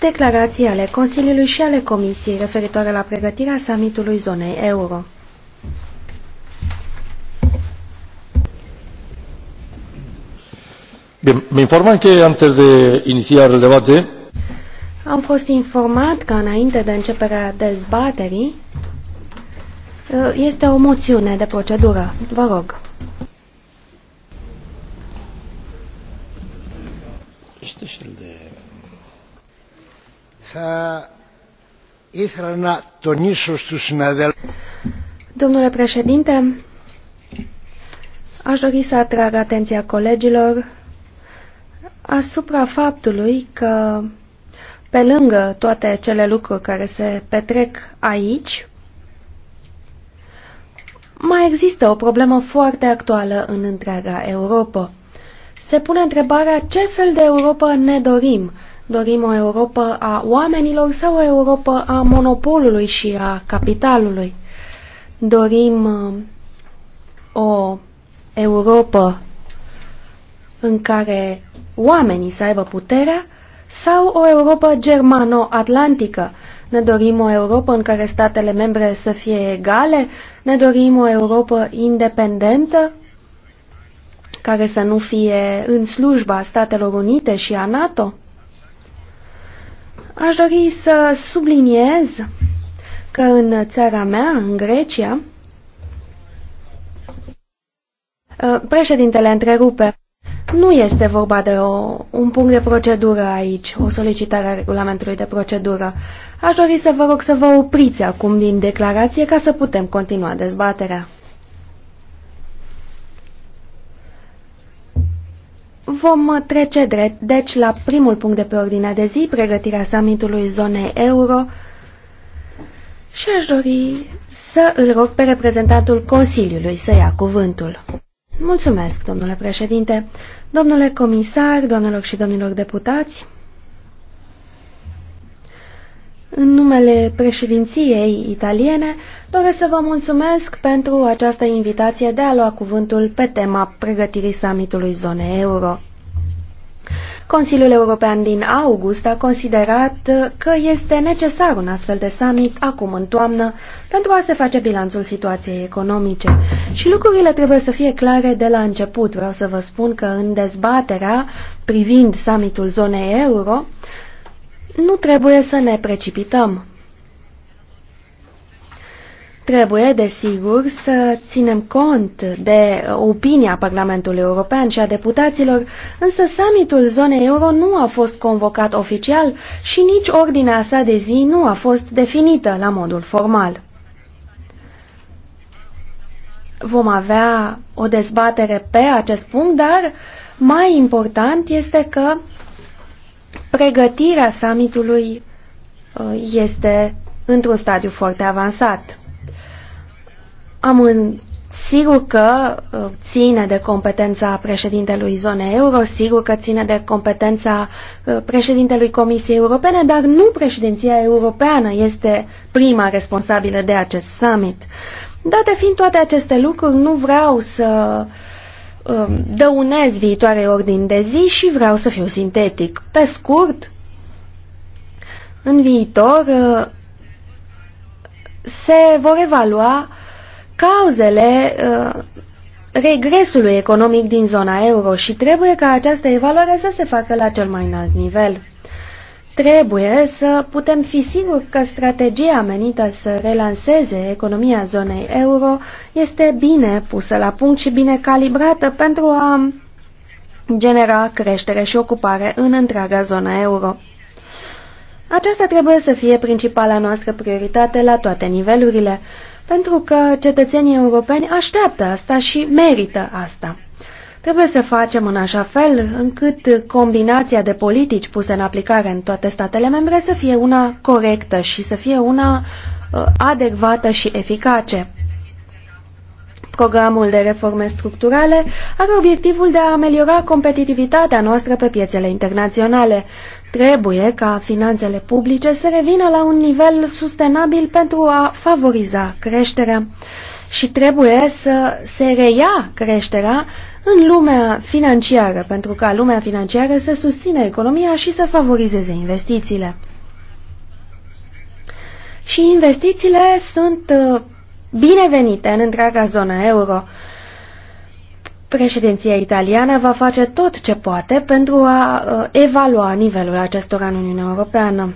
declarații ale Consiliului și ale Comisiei referitoare la pregătirea summitului zonei euro. Bien, me informan que antes de iniciar el debate... Am fost informat că înainte de începerea dezbaterii este o moțiune de procedură. Vă rog. Este cel de Θα ήθελα να τονίσω στους συναδέλφους. Domnule președinte, aș dori să atrag atenția colegilor asupra faptului că, pe lângă toate cele lucruri care se petrec aici, mai există o problemă foarte actuală în întreaga Europa. Se pune întrebarea ce fel de Europa ne dorim, Dorim o Europa a oamenilor sau o Europa a monopolului și a capitalului? Dorim uh, o Europa în care oamenii să aibă puterea sau o Europa germano-atlantică? Ne dorim o Europa în care statele membre să fie egale? Ne dorim o Europa independentă care să nu fie în slujba Statelor Unite și a NATO? Aș dori să subliniez că în țara mea, în Grecia, uh, președintele întrerupe. Nu este vorba de o, un punct de procedură aici, o solicitare a regulamentului de procedură. Aș dori să vă rog să vă opriți acum din declarație ca să putem continua dezbaterea. Vom trece drept, deci, la primul punct de pe ordinea de zi, pregătirea summitului zonei euro și aș dori să îl rog pe reprezentantul Consiliului să ia cuvântul. Mulțumesc, domnule președinte, domnule comisar, doamnelor și domnilor deputați. În numele președinției italiene, doresc să vă mulțumesc pentru această invitație de a lua cuvântul pe tema pregătirii summitului zonei euro. Consiliul European din august a considerat că este necesar un astfel de summit acum în toamnă pentru a se face bilanțul situației economice. Și lucrurile trebuie să fie clare de la început. Vreau să vă spun că în dezbaterea privind summitul zonei euro, nu trebuie să ne precipităm. Trebuie, desigur, să ținem cont de opinia Parlamentului European și a deputaților, însă summitul zonei euro nu a fost convocat oficial și nici ordinea sa de zi nu a fost definită la modul formal. Vom avea o dezbatere pe acest punct, dar mai important este că pregătirea summitului uh, este într-un stadiu foarte avansat. Am în... Sigur că uh, ține de competența președintelui zonei euro, sigur că ține de competența uh, președintelui Comisiei Europene, dar nu președinția europeană este prima responsabilă de acest summit. Date fiind toate aceste lucruri, nu vreau să um, dăunez viitoare ordini de zi și vreau să fiu sintetic. Pe scurt, în viitor uh, se vor evalua cauzele uh, regresului economic din zona euro și trebuie ca această evaluare să se facă la cel mai înalt nivel. Trebuie să putem fi siguri că strategia menită să relanseze economia zonei euro este bine pusă la punct și bine calibrată pentru a genera creștere și ocupare în întreaga zonă euro. Aceasta trebuie să fie principala noastră prioritate la toate nivelurile pentru că cetățenii europeni așteaptă asta și merită asta. Trebuie să facem în așa fel încât combinația de politici puse în aplicare în toate statele membre să fie una corectă și să fie una uh, adecvată și eficace. Programul de reforme structurale are obiectivul de a ameliora competitivitatea noastră pe piețele internaționale. Trebuie ca finanțele publice să revină la un nivel sustenabil pentru a favoriza creșterea și trebuie să se reia creșterea în lumea financiară, pentru ca lumea financiară să susțină economia și să favorizeze investițiile. Și investițiile sunt uh, binevenite în întreaga zonă euro. Președinția italiană va face tot ce poate pentru a uh, evalua nivelul acestora în Uniunea Europeană.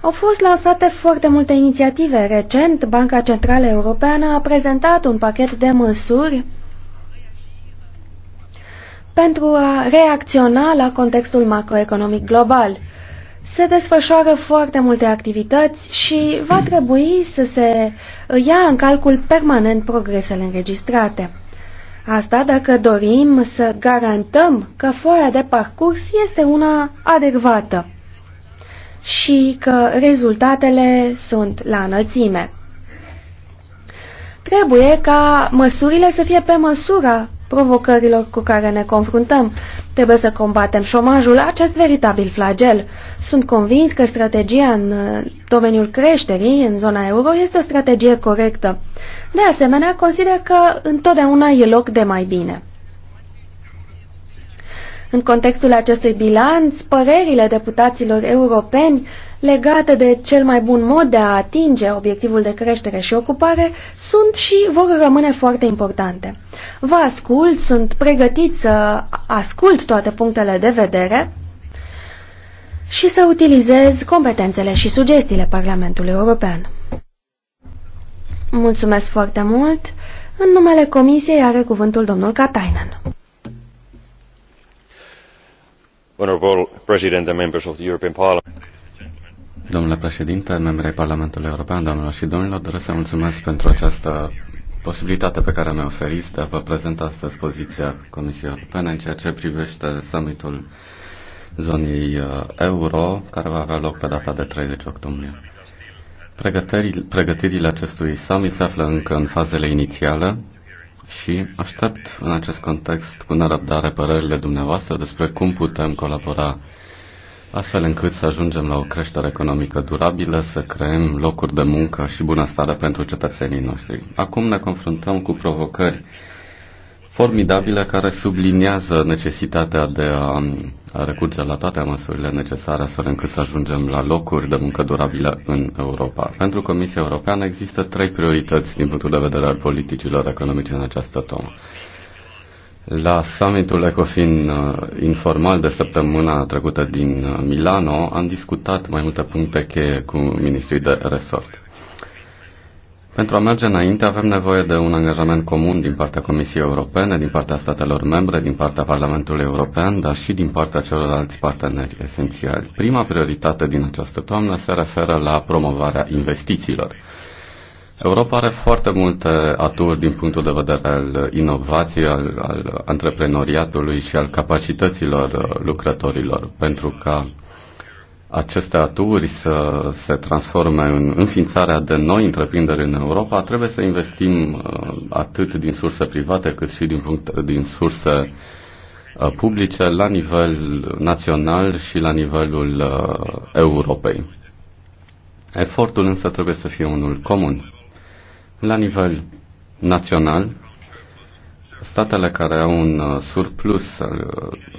Au fost lansate foarte multe inițiative. Recent, Banca Centrală Europeană a prezentat un pachet de măsuri pentru a reacționa la contextul macroeconomic global. Se desfășoară foarte multe activități și va trebui să se ia în calcul permanent progresele înregistrate. Asta dacă dorim să garantăm că foaia de parcurs este una adecvată și că rezultatele sunt la înălțime. Trebuie ca măsurile să fie pe măsura provocărilor cu care ne confruntăm Trebuie să combatem șomajul, acest veritabil flagel. Sunt convins că strategia în uh, domeniul creșterii, în zona euro, este o strategie corectă. De asemenea, consider că întotdeauna e loc de mai bine. În contextul acestui bilanț, părerile deputaților europeni legate de cel mai bun mod de a atinge obiectivul de creștere și ocupare sunt și vor rămâne foarte importante. Vă ascult, sunt pregătit să ascult toate punctele de vedere și să utilizez competențele și sugestiile Parlamentului European. Mulțumesc foarte mult! În numele Comisiei are cuvântul domnul Katainen. Domnule președinte, membri ai Parlamentului European, doamnelor și domnilor, doresc să mulțumesc pentru această posibilitate pe care mi-o oferiți de a vă prezenta astăzi poziția Comisiei Europene în ceea ce privește summitul zonei uh, euro, care va avea loc pe data de 30 octombrie. Pregătirile acestui summit se află încă în fazele inițiale și aștept în acest context cu nerăbdare părerile dumneavoastră despre cum putem colabora astfel încât să ajungem la o creștere economică durabilă, să creăm locuri de muncă și bunăstare pentru cetățenii noștri. Acum ne confruntăm cu provocări formidabile care subliniază necesitatea de a, recurge la toate măsurile necesare astfel încât să ajungem la locuri de muncă durabile în Europa. Pentru Comisia Europeană există trei priorități din punctul de vedere al politicilor economice în această tomă. La summitul ECOFIN uh, informal de săptămâna trecută din uh, Milano am discutat mai multe puncte cheie cu ministrii de resort. Pentru a merge înainte avem nevoie de un angajament comun din partea Comisiei Europene, din partea statelor membre, din partea Parlamentului European, dar și din partea celorlalți parteneri esențiali. Prima prioritate din această toamnă se referă la promovarea investițiilor. Europa are foarte multe aturi din punctul de vedere al inovației, al, al antreprenoriatului și al capacităților lucrătorilor, pentru ca aceste aturi să se transforme în înființarea de noi întreprinderi în Europa, trebuie să investim uh, atât din surse private cât și din, punct, din surse uh, publice la nivel național și la nivelul uh, Europei. Efortul însă trebuie să fie unul comun. La nivel național, statele care au un surplus al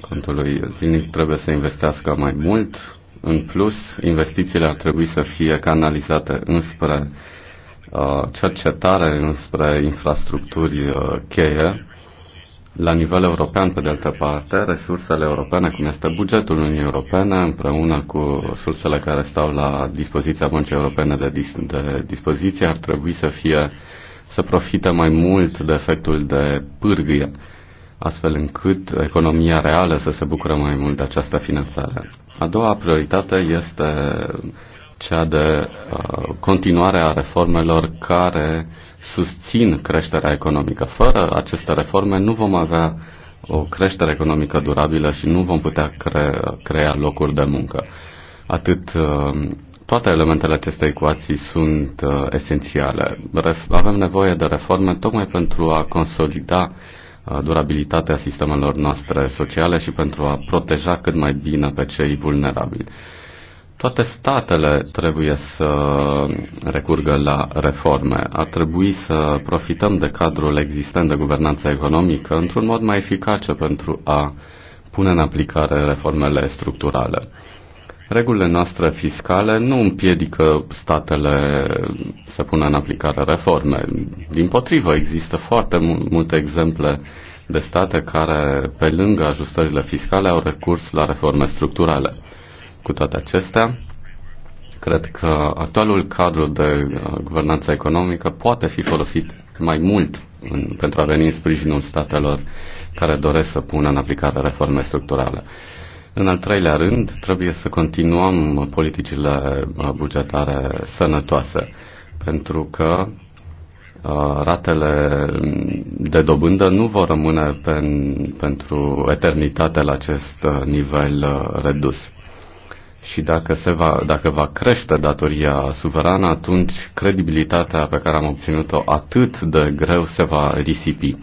contului zilnic trebuie să investească mai mult, în plus, investițiile ar trebui să fie canalizate înspre uh, cercetare, înspre infrastructuri uh, cheie. La nivel european, pe de altă parte, resursele europene, cum este bugetul Uniunii Europene, împreună cu sursele care stau la dispoziția Băncii Europene de, dis- de dispoziție, ar trebui să fie să profite mai mult de efectul de pârgâie, astfel încât economia reală să se bucure mai mult de această finanțare. A doua prioritate este cea de uh, continuare a reformelor care susțin creșterea economică. Fără aceste reforme nu vom avea o creștere economică durabilă și nu vom putea cre- crea locuri de muncă. Atât uh, toate elementele acestei ecuații sunt uh, esențiale. Ref- avem nevoie de reforme tocmai pentru a consolida uh, Uh, durabilitatea sistemelor noastre sociale și pentru a proteja cât mai bine pe cei vulnerabili. Toate statele trebuie să recurgă la reforme. Ar trebui să profităm de cadrul existent de guvernanță economică într-un mod mai eficace pentru a pune în aplicare reformele structurale. Regulile noastre fiscale nu împiedică statele să pună în aplicare reforme. Din potrivă, există foarte multe exemple de state care, pe lângă ajustările fiscale, au recurs la reforme structurale. Cu toate acestea, cred că actualul cadru de uh, guvernanță economică poate fi folosit mai mult în, pentru a veni în sprijinul statelor care doresc să pună în aplicare reforme structurale. În al treilea rând, trebuie să continuăm politicile uh, bugetare sănătoase, pentru că uh, ratele de dobândă nu vor rămâne pen, pentru eternitate la acest uh, nivel redus. Și dacă, se va, dacă va crește datoria suverană, atunci credibilitatea pe care am obținut-o atât de greu se va risipi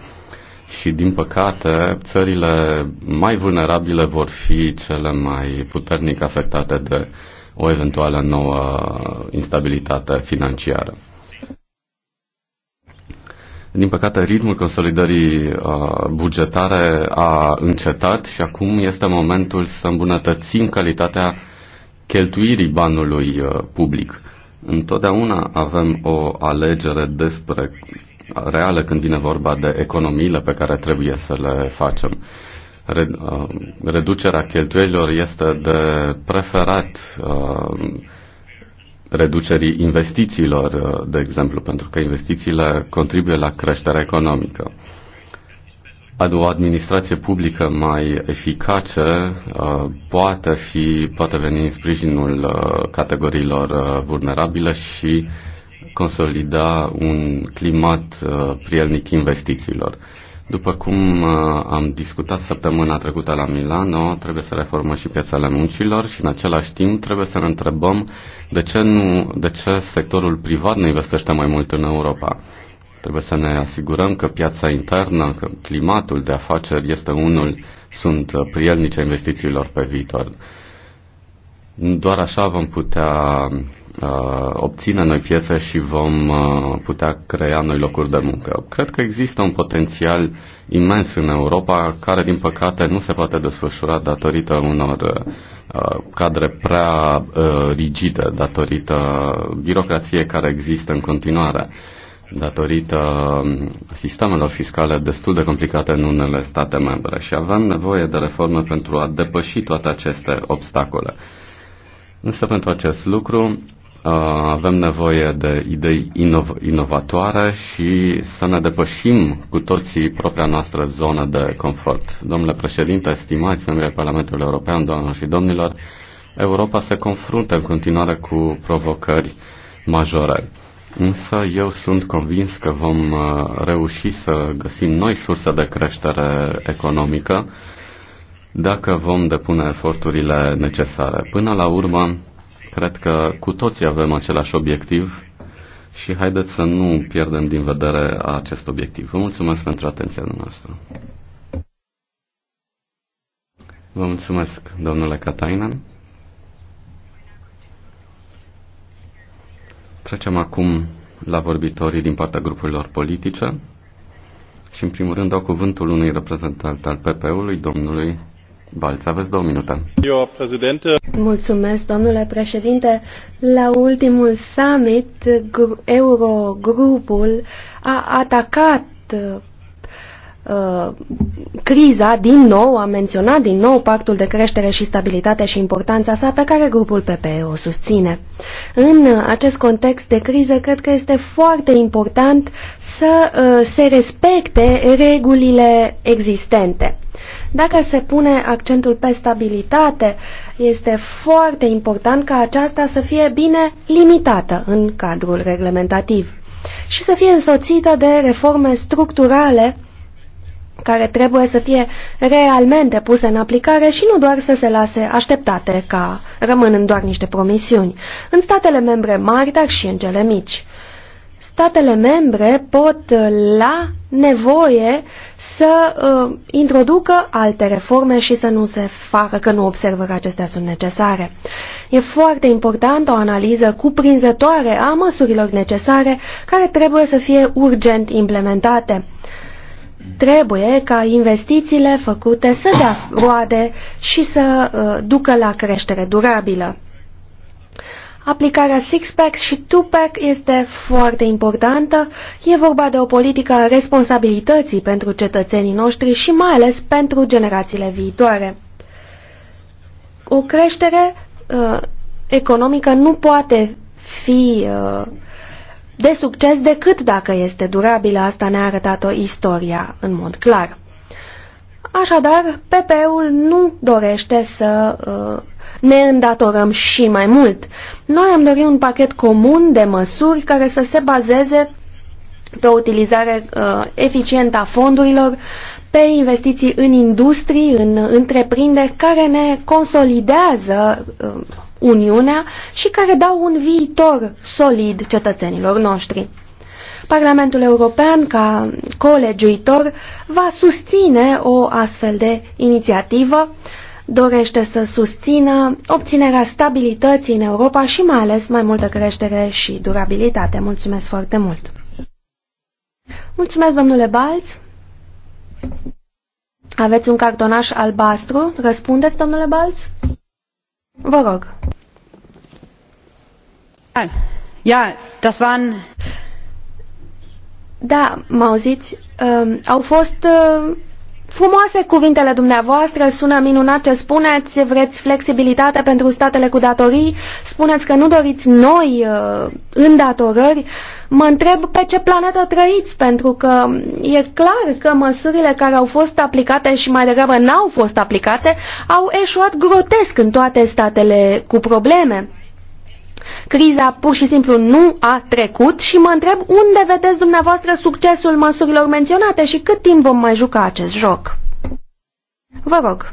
și, din păcate, țările mai vulnerabile vor fi cele mai puternic afectate de o eventuală nouă instabilitate financiară. Din păcate, ritmul consolidării uh, bugetare a încetat și acum este momentul să îmbunătățim calitatea cheltuirii banului uh, public. Întotdeauna avem o alegere despre reală când vine vorba de economiile pe care trebuie să le facem. Uh, reducerea cheltuielilor este de preferat uh, reducerii investițiilor, uh, de exemplu, pentru că investițiile contribuie la creșterea economică. O administrație publică mai eficace poate, fi, poate veni în sprijinul categoriilor vulnerabile și consolida un climat uh, prielnic investițiilor. După cum uh, am discutat săptămâna trecută la Milano, trebuie să reformăm și piațele muncilor și în același timp trebuie să ne întrebăm de ce, nu, de ce sectorul privat nu investește mai mult în Europa. Trebuie să ne asigurăm că piața internă, că climatul de afaceri este unul, sunt uh, prielnice investițiilor pe viitor. Doar așa vom putea Uh, obține noi piețe și vom uh, putea crea noi locuri de muncă. Cred că există un potențial imens în Europa care, din păcate, nu se poate desfășura datorită unor uh, cadre prea rigide, datorită birocrației care există în continuare datorită sistemelor fiscale destul de complicate în unele state membre și avem nevoie de reforme pentru a depăși toate aceste obstacole. Însă pentru acest lucru Uh, avem nevoie de idei inov- inovatoare și să ne depășim cu toții propria noastră zonă de confort. Domnule președinte, stimați membrii Parlamentului European, doamnelor și domnilor, Europa se confruntă în continuare cu provocări majore. Însă eu sunt convins că vom uh, reuși să găsim noi surse de creștere economică dacă vom depune eforturile necesare. Până la urmă, Cred că cu toții avem același obiectiv și haideți să nu pierdem din vedere acest obiectiv. Vă mulțumesc pentru atenția noastră. Vă mulțumesc, domnule Katainen. Trecem acum la vorbitorii din partea grupurilor politice și, în primul rând, dau cuvântul unui reprezentant al PP-ului, domnului Balț, aveți două minute. Mulțumesc, domnule președinte. La ultimul summit, Eurogrupul a atacat uh, criza din nou, a menționat din nou pactul de creștere și stabilitate și importanța sa pe care grupul PPE o susține. În acest context de criză, cred că este foarte important să uh, se respecte regulile existente dacă se pune accentul pe stabilitate, este foarte important ca aceasta să fie bine limitată în cadrul reglementativ și să fie însoțită de reforme structurale care trebuie să fie realmente puse în aplicare și nu doar să se lase așteptate ca rămânând doar niște promisiuni în statele membre mari, dar și în cele mici statele membre pot uh, la nevoie să uh, introducă alte reforme și să nu se facă că nu observă că acestea sunt necesare. E foarte important o analiză cuprinzătoare a măsurilor necesare care trebuie să fie urgent implementate. Trebuie ca investițiile făcute să dea roade și să uh, ducă la creștere durabilă. Aplicarea six-pack și two-pack este foarte importantă. E vorba de o politică a responsabilității pentru cetățenii noștri și mai ales pentru generațiile viitoare. O creștere uh, economică nu poate fi uh, de succes decât dacă este durabilă. Asta ne-a arătat-o istoria în mod clar. Așadar, PP-ul nu dorește să uh, ne îndatorăm și mai mult. Noi am dorit un pachet comun de măsuri care să se bazeze pe o utilizare uh, eficientă a fondurilor, pe investiții în industrii, în întreprinderi care ne consolidează uh, Uniunea și care dau un viitor solid cetățenilor noștri. Parlamentul European, ca colegiuitor, va susține o astfel de inițiativă uh, dorește să susțină obținerea stabilității în Europa și mai ales mai multă creștere și durabilitate. Mulțumesc foarte mult! Mulțumesc, domnule Balț! Aveți un cartonaș albastru? Răspundeți, domnule Balț? Vă rog. Ja, das waren... Da, mă auziți? Uh, au fost uh, Frumoase cuvintele dumneavoastră, sună minunat ce spuneți, vreți flexibilitate pentru statele cu datorii, spuneți că nu doriți noi uh, îndatorări. Mă întreb pe ce planetă trăiți, pentru că e clar că măsurile care au fost aplicate și mai degrabă n-au fost aplicate au eșuat grotesc în toate statele cu probleme. Criza pur și simplu nu a trecut și mă întreb unde vedeți dumneavoastră succesul măsurilor menționate și cât timp vom mai juca acest joc. Vă rog.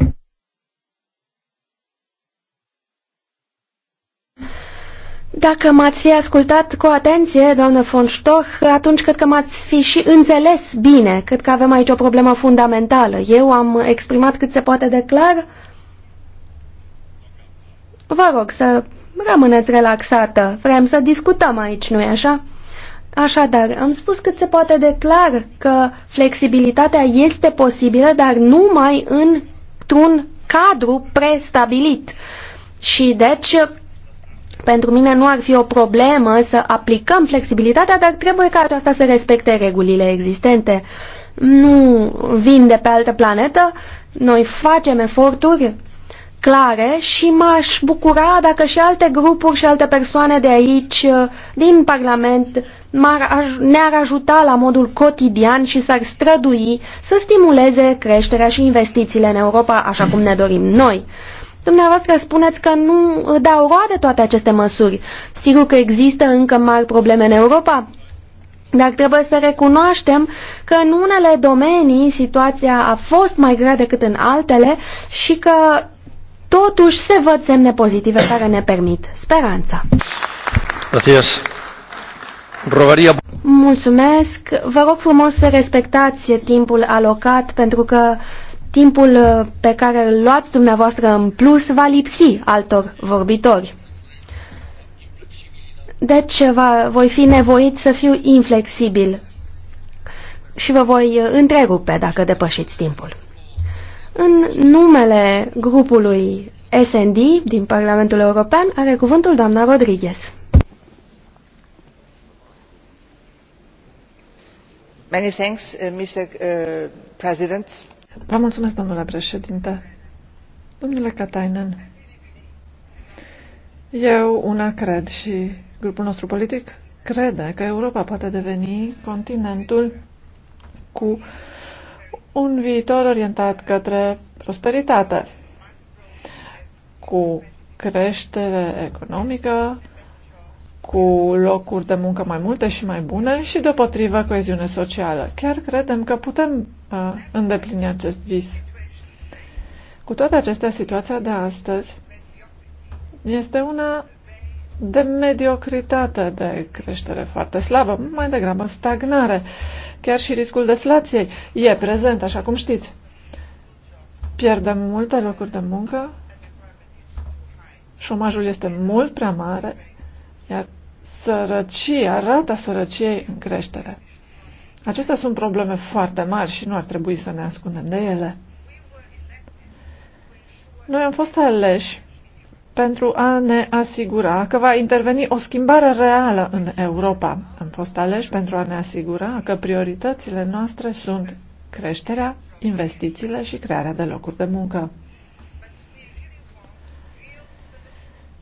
Dacă m-ați fi ascultat cu atenție, doamnă von Stoch, atunci cred că m-ați fi și înțeles bine. Cred că avem aici o problemă fundamentală. Eu am exprimat cât se poate de clar. Vă rog să Rămâneți relaxată. Vrem să discutăm aici, nu-i așa? Așadar, am spus cât se poate de clar că flexibilitatea este posibilă, dar numai într-un cadru prestabilit. Și deci, pentru mine nu ar fi o problemă să aplicăm flexibilitatea, dar trebuie ca aceasta să respecte regulile existente. Nu vin de pe altă planetă, noi facem eforturi clare și m-aș bucura dacă și alte grupuri și alte persoane de aici, uh, din Parlament, ne-ar ajuta la modul cotidian și s-ar strădui să stimuleze creșterea și investițiile în Europa, așa cum ne dorim noi. Dumneavoastră spuneți că nu uh, dau roade toate aceste măsuri. Sigur că există încă mari probleme în Europa, dar trebuie să recunoaștem că în unele domenii situația a fost mai grea decât în altele și că Totuși se văd semne pozitive care ne permit speranța. Gracias. Rogaria... Mulțumesc. Vă rog frumos să respectați timpul alocat pentru că timpul uh, pe care îl luați dumneavoastră în plus va lipsi altor vorbitori. Deci va, voi fi nevoit să fiu inflexibil și vă voi uh, întrerupe dacă depășiți timpul. În numele grupului SND din Parlamentul European are cuvântul doamna Rodriguez. Many thanks, uh, Mr. Uh, President. Vă mulțumesc, domnule președinte. Domnule Katainen, eu una cred și grupul nostru politic crede că Europa poate deveni continentul cu uh, un viitor orientat către prosperitate, cu creștere economică, cu locuri de muncă mai multe și mai bune și deopotrivă coeziune socială. Chiar credem că putem uh, îndeplini acest vis. Cu toate acestea, situația de astăzi este una de mediocritate, de creștere foarte slabă, mai degrabă stagnare. Uh, Chiar și riscul deflației e prezent, așa cum știți. Pierdem multe locuri de muncă, șomajul este mult prea mare, iar sărăcia, rata sărăciei în creștere. Acestea sunt probleme foarte mari și nu ar trebui să ne ascundem de ele. Noi am fost aleși pentru a ne asigura că va interveni o schimbare reală în Europa. Am fost aleși pentru a ne asigura că prioritățile noastre sunt creșterea, investițiile și crearea de locuri de muncă.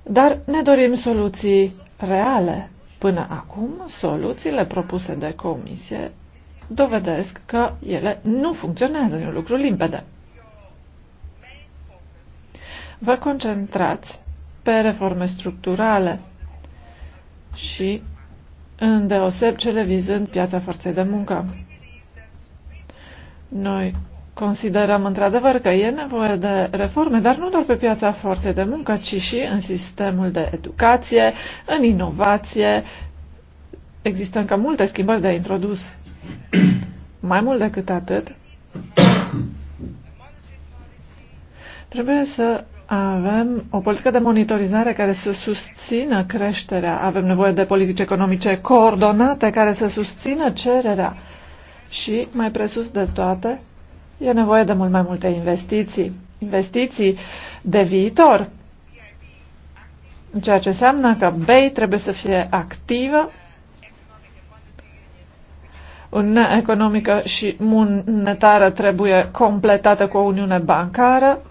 Dar ne dorim soluții reale. Până acum, soluțiile propuse de comisie dovedesc că ele nu funcționează, e un lucru limpede. Vă concentrați pe reforme structurale și îndeoseb cele vizând piața forței de muncă. Noi considerăm într-adevăr că e nevoie de reforme, dar nu doar pe piața forței de muncă, ci și în sistemul de educație, în inovație. Există încă multe schimbări de introdus. Mai mult decât atât, trebuie să avem o politică de monitorizare care să susțină creșterea. Avem nevoie de politici economice coordonate care să susțină cererea. Și, mai presus de toate, e nevoie de mult mai multe investiții. Investiții de viitor. Ceea ce înseamnă că BEI trebuie să fie activă Uniunea economică și monetară trebuie completată cu o uniune bancară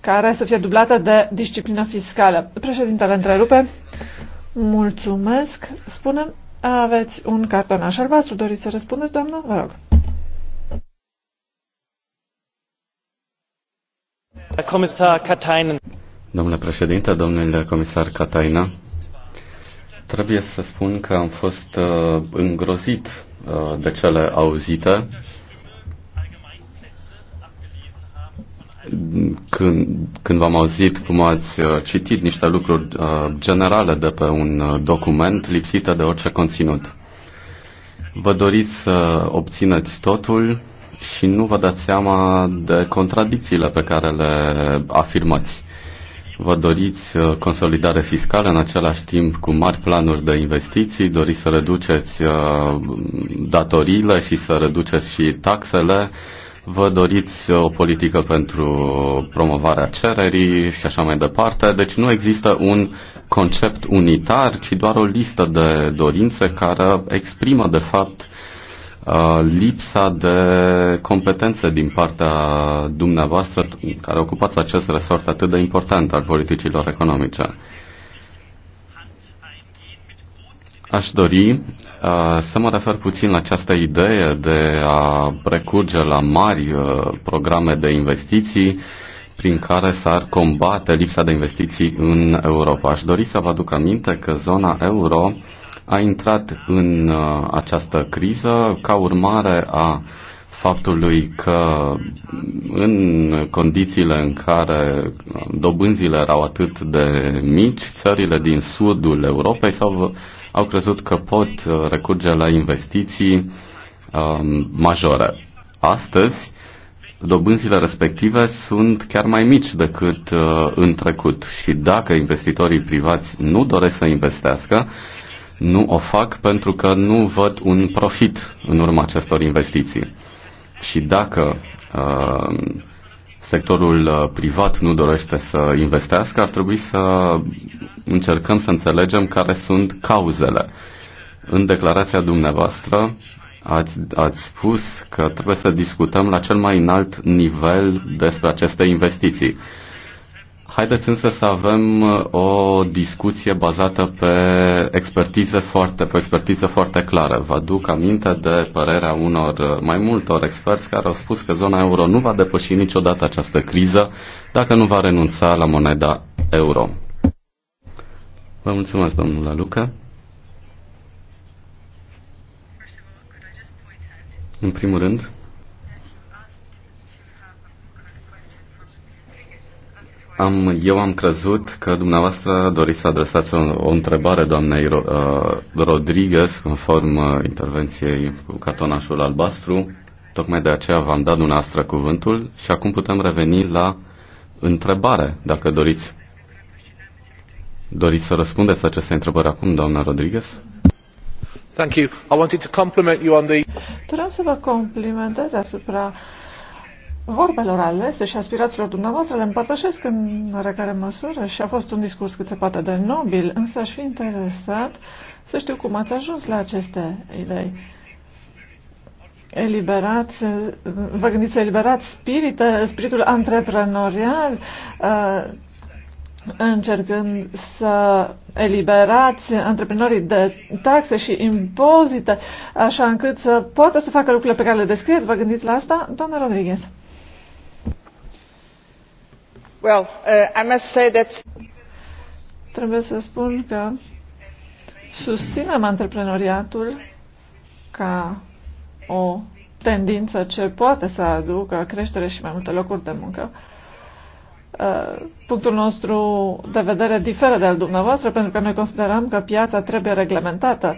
care să fie dublată de disciplină fiscală. Președintele întrerupe. Mulțumesc. Spunem, aveți un așa albastru. Doriți să răspundeți, doamnă? Vă rog. Comisar Katainen. Domnule președinte, domnule comisar Cataina, trebuie să spun că am fost uh, îngrozit uh, de cele auzite când, când v-am auzit cum ați uh, citit niște lucruri uh, generale de pe un uh, document lipsită de orice conținut. Vă doriți să obțineți totul și nu vă dați seama de contradicțiile pe care le afirmați. Vă doriți consolidare fiscală în același timp cu mari planuri de investiții, doriți să reduceți datoriile și să reduceți și taxele, vă doriți o politică pentru promovarea cererii și așa mai departe. Deci nu există un concept unitar, ci doar o listă de dorințe care exprimă, de fapt, uh, lipsa de competențe din partea dumneavoastră care ocupați acest resort atât de important al politicilor economice. Aș dori Uh, să mă refer puțin la această idee de a recurge la mari uh, programe de investiții prin care s-ar combate lipsa de investiții în Europa. Aș dori să vă aduc aminte că zona euro a intrat în uh, această criză ca urmare a faptului că în condițiile în care dobânzile erau atât de mici, țările din sudul Europei s-au au crezut că pot uh, recurge la investiții um, majore. Astăzi, dobânzile respective sunt chiar mai mici decât uh, în trecut și dacă investitorii privați nu doresc să investească, nu o fac pentru că nu văd un profit în urma acestor investiții. Și dacă uh, sectorul uh, privat nu dorește să investească, ar trebui să încercăm să înțelegem care sunt cauzele. În declarația dumneavoastră ați, ați spus că trebuie să discutăm la cel mai înalt nivel despre aceste investiții. Haideți însă să avem uh, o discuție bazată pe expertiză foarte, pe expertiză foarte clară. Vă aduc aminte de părerea unor uh, mai multor experți care au spus că zona euro nu va depăși niciodată această criză dacă nu va renunța la moneda euro. Vă mulțumesc, domnule Luca. În primul rând, Am, eu am crezut că dumneavoastră doriți să adresați o, o întrebare doamnei Ro, uh, Rodriguez conform uh, intervenției cu cartonașul albastru. Tocmai de aceea v-am dat dumneavoastră cuvântul și acum putem reveni la întrebare, dacă doriți. Doriți să răspundeți aceste întrebări acum, doamna Rodriguez? Thank you. I wanted to compliment you on the... Vreau să vă complimentez asupra uh, vorbelor alese și aspirațiilor dumneavoastră le împărtășesc în oarecare măsură și a fost un discurs cât se poate de nobil, însă aș fi interesat să știu cum ați ajuns la aceste idei. Eliberați, vă gândiți să eliberați spirite, spiritul antreprenorial, uh, încercând să eliberați antreprenorii de taxe și impozite, așa încât să poată să facă lucrurile pe care le descrieți. Vă gândiți la asta, doamna Rodriguez? Uh, trebuie să spun că susținem antreprenoriatul ca o tendință ce poate să aducă creștere și mai multe locuri de muncă. Uh, punctul nostru de vedere diferă de al dumneavoastră, pentru că noi considerăm că piața trebuie reglementată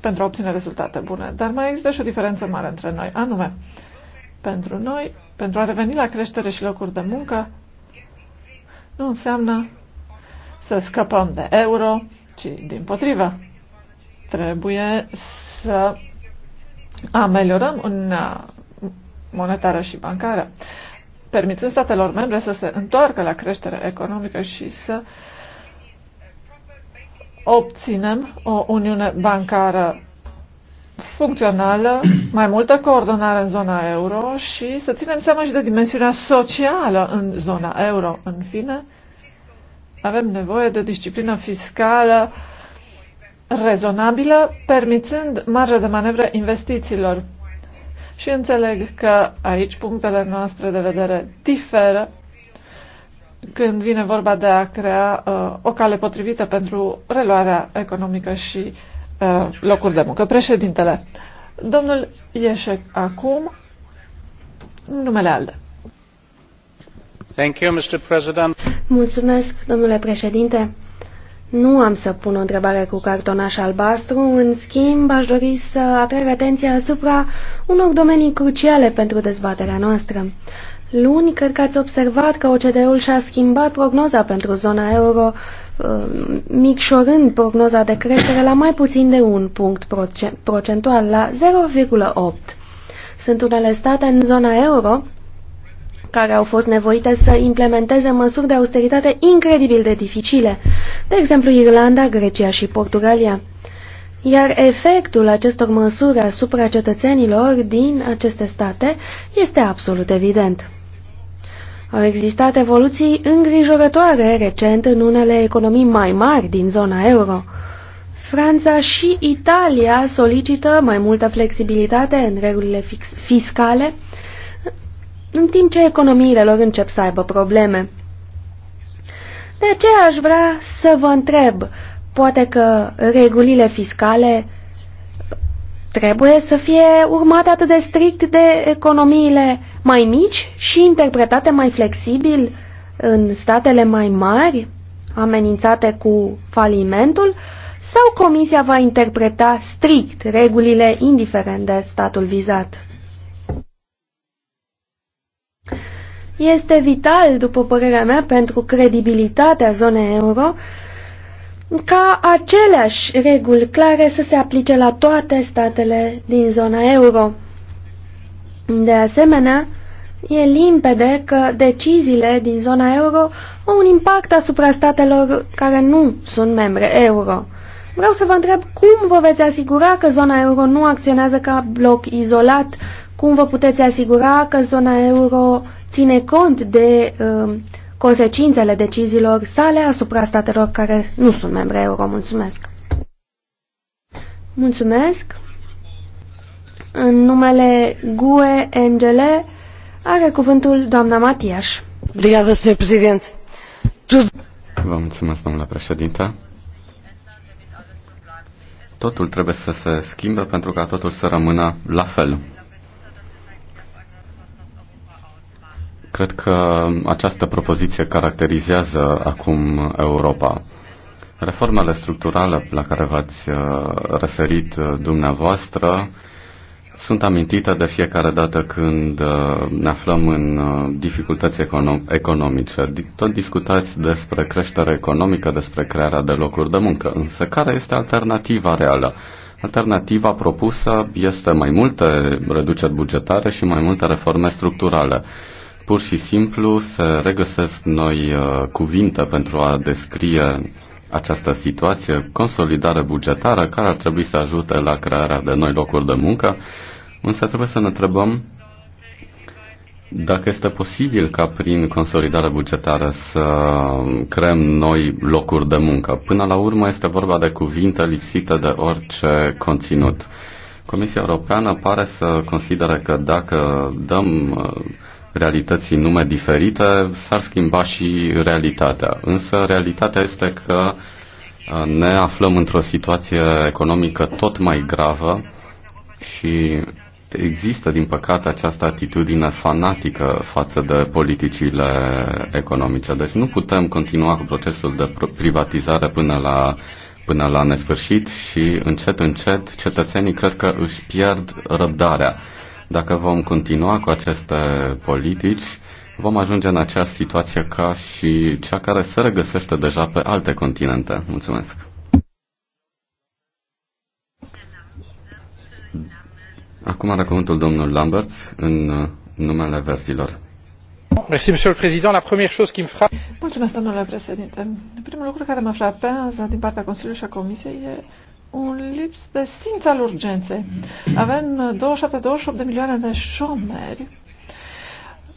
pentru a obține rezultate bune. Dar mai există și o diferență mare între noi, anume, pentru noi, pentru a reveni la creștere și locuri de muncă, nu înseamnă să scăpăm de euro, ci din potrivă. Trebuie să ameliorăm Uniunea monetară și bancară, permițând statelor membre să se întoarcă la creștere economică și să obținem o uniune bancară funcțională, mai multă coordonare în zona euro și să ținem seama și de dimensiunea socială în zona euro. În fine, avem nevoie de o disciplină fiscală rezonabilă, permițând marja de manevră investițiilor. Și înțeleg că aici punctele noastre de vedere diferă când vine vorba de a crea uh, o cale potrivită pentru reluarea economică și uh, Uh, locuri de muncă. Președintele, domnul Ieșec acum, numele ALDE. Thank you, Mr. President. Mulțumesc, domnule președinte. Nu am să pun o întrebare cu cartonaș albastru, în schimb aș dori să atrag atenția asupra unor domenii cruciale pentru dezbaterea noastră luni, cred că ați observat că OCDE-ul și-a schimbat prognoza pentru zona euro, uh, micșorând prognoza de creștere la mai puțin de un punct procentual, la 0,8. Sunt unele state în zona euro care au fost nevoite să implementeze măsuri de austeritate incredibil de dificile, de exemplu Irlanda, Grecia și Portugalia. Iar efectul acestor măsuri asupra cetățenilor din aceste state este absolut evident. Au existat evoluții îngrijorătoare recent în unele economii mai mari din zona euro. Franța și Italia solicită mai multă flexibilitate în regulile fix fiscale, în timp ce economiile lor încep să aibă probleme. De aceea aș vrea să vă întreb, Poate că regulile fiscale trebuie să fie urmate atât de strict de economiile mai mici și interpretate mai flexibil în statele mai mari, amenințate cu falimentul, sau Comisia va interpreta strict regulile indiferent de statul vizat? Este vital, după părerea mea, pentru credibilitatea zonei euro ca aceleași reguli clare să se aplice la toate statele din zona euro. De asemenea, e limpede că deciziile din zona euro au un impact asupra statelor care nu sunt membre euro. Vreau să vă întreb cum vă veți asigura că zona euro nu acționează ca bloc izolat, cum vă puteți asigura că zona euro ține cont de uh, consecințele deciziilor sale asupra statelor care nu sunt membre euro. Mulțumesc! Mulțumesc! În numele GUE NGL are cuvântul doamna Matias. Obrigada, domnule președinte! Tu... Vă mulțumesc, domnule președinte. Totul trebuie să se schimbe pentru ca totul să rămână la fel. Cred că această propoziție caracterizează acum Europa. Reformele structurale la care v-ați uh, referit uh, dumneavoastră sunt amintite de fiecare dată când uh, ne aflăm în dificultăți economice. Tot discutați despre creștere economică, despre crearea de locuri de muncă. Însă care este alternativa reală? Alternativa propusă este mai multe reduceri bugetare și mai multe reforme structurale. Pur și simplu să regăsesc noi uh, cuvinte pentru a descrie această situație, consolidare bugetară care ar trebui să ajute la crearea de noi locuri de muncă, însă trebuie să ne întrebăm dacă este posibil ca prin consolidare bugetară să creăm noi locuri de muncă. Până la urmă este vorba de cuvinte lipsite de orice conținut. Comisia Europeană pare să considere că dacă dăm uh, realității nume diferite, s-ar schimba și realitatea. Însă realitatea este că uh, ne aflăm într-o situație economică tot mai gravă și există, din păcate, această atitudine fanatică față de politicile economice. Deci nu putem continua cu procesul de privatizare până la, până la nesfârșit și încet, încet cetățenii cred că își pierd răbdarea dacă vom continua cu aceste politici, vom ajunge în acea situație ca și cea care se regăsește deja pe alte continente. Mulțumesc! Acum are cuvântul domnul Lambert în numele verzilor. Mulțumesc, domnule președinte. Primul lucru care mă frapează din partea Consiliului și a Comisiei e un lips de simț al urgenței. Avem 27-28 de milioane de șomeri.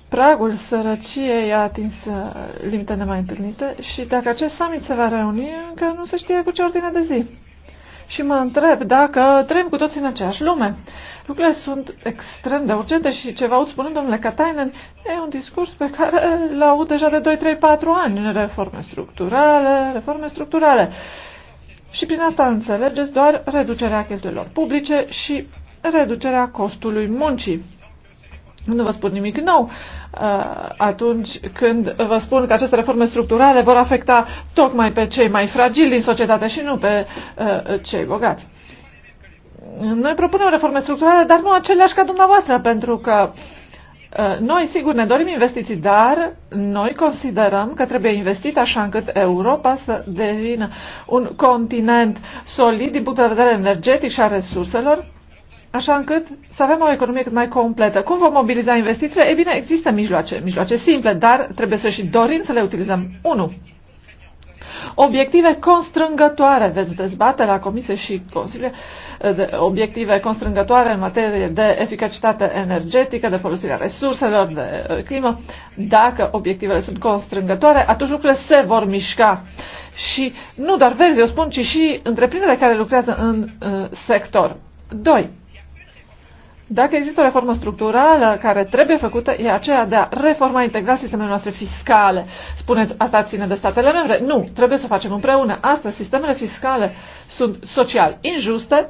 Pragul sărăciei a atins uh, limite nemai întâlnite și dacă acest summit se va reuni, încă nu se știe cu ce ordine de zi. Și mă întreb dacă trăim cu toții în aceeași lume. Lucrurile sunt extrem de urgente și ce vă aud spunând, domnule Katainen, e un discurs pe care l au deja de 2-3-4 ani. Reforme structurale, reforme structurale și prin asta înțelegeți doar reducerea cheltuielor publice și reducerea costului muncii. Nu vă spun nimic nou uh, atunci când vă spun că aceste reforme structurale vor afecta tocmai pe cei mai fragili din societate și nu pe uh, cei bogați. Noi propunem reforme structurale, dar nu aceleași ca dumneavoastră, pentru că uh, Uh, noi, sigur, ne dorim investiții, dar noi considerăm că trebuie investit așa încât Europa să devină un continent solid din punct de vedere energetic și a resurselor, așa încât să avem o economie cât mai completă. Cum vom mobiliza investițiile? Ei bine, există mijloace, mijloace simple, dar trebuie să și dorim să le utilizăm. 1 obiective constrângătoare. Veți dezbate la Comisie și Consiliu eh, obiective constrângătoare în materie de eficacitate energetică, de folosirea resurselor, de eh, climă. Dacă obiectivele sunt constrângătoare, atunci lucrurile se vor mișca. Și nu doar verzi, eu spun, ci și întreprinderile care lucrează în uh, sector. 2. Dacă există o reformă structurală care trebuie făcută, e aceea de a reforma integral sistemele noastre fiscale. Spuneți, asta ține de statele membre? Nu, trebuie să o facem împreună. Astăzi, sistemele fiscale sunt social injuste,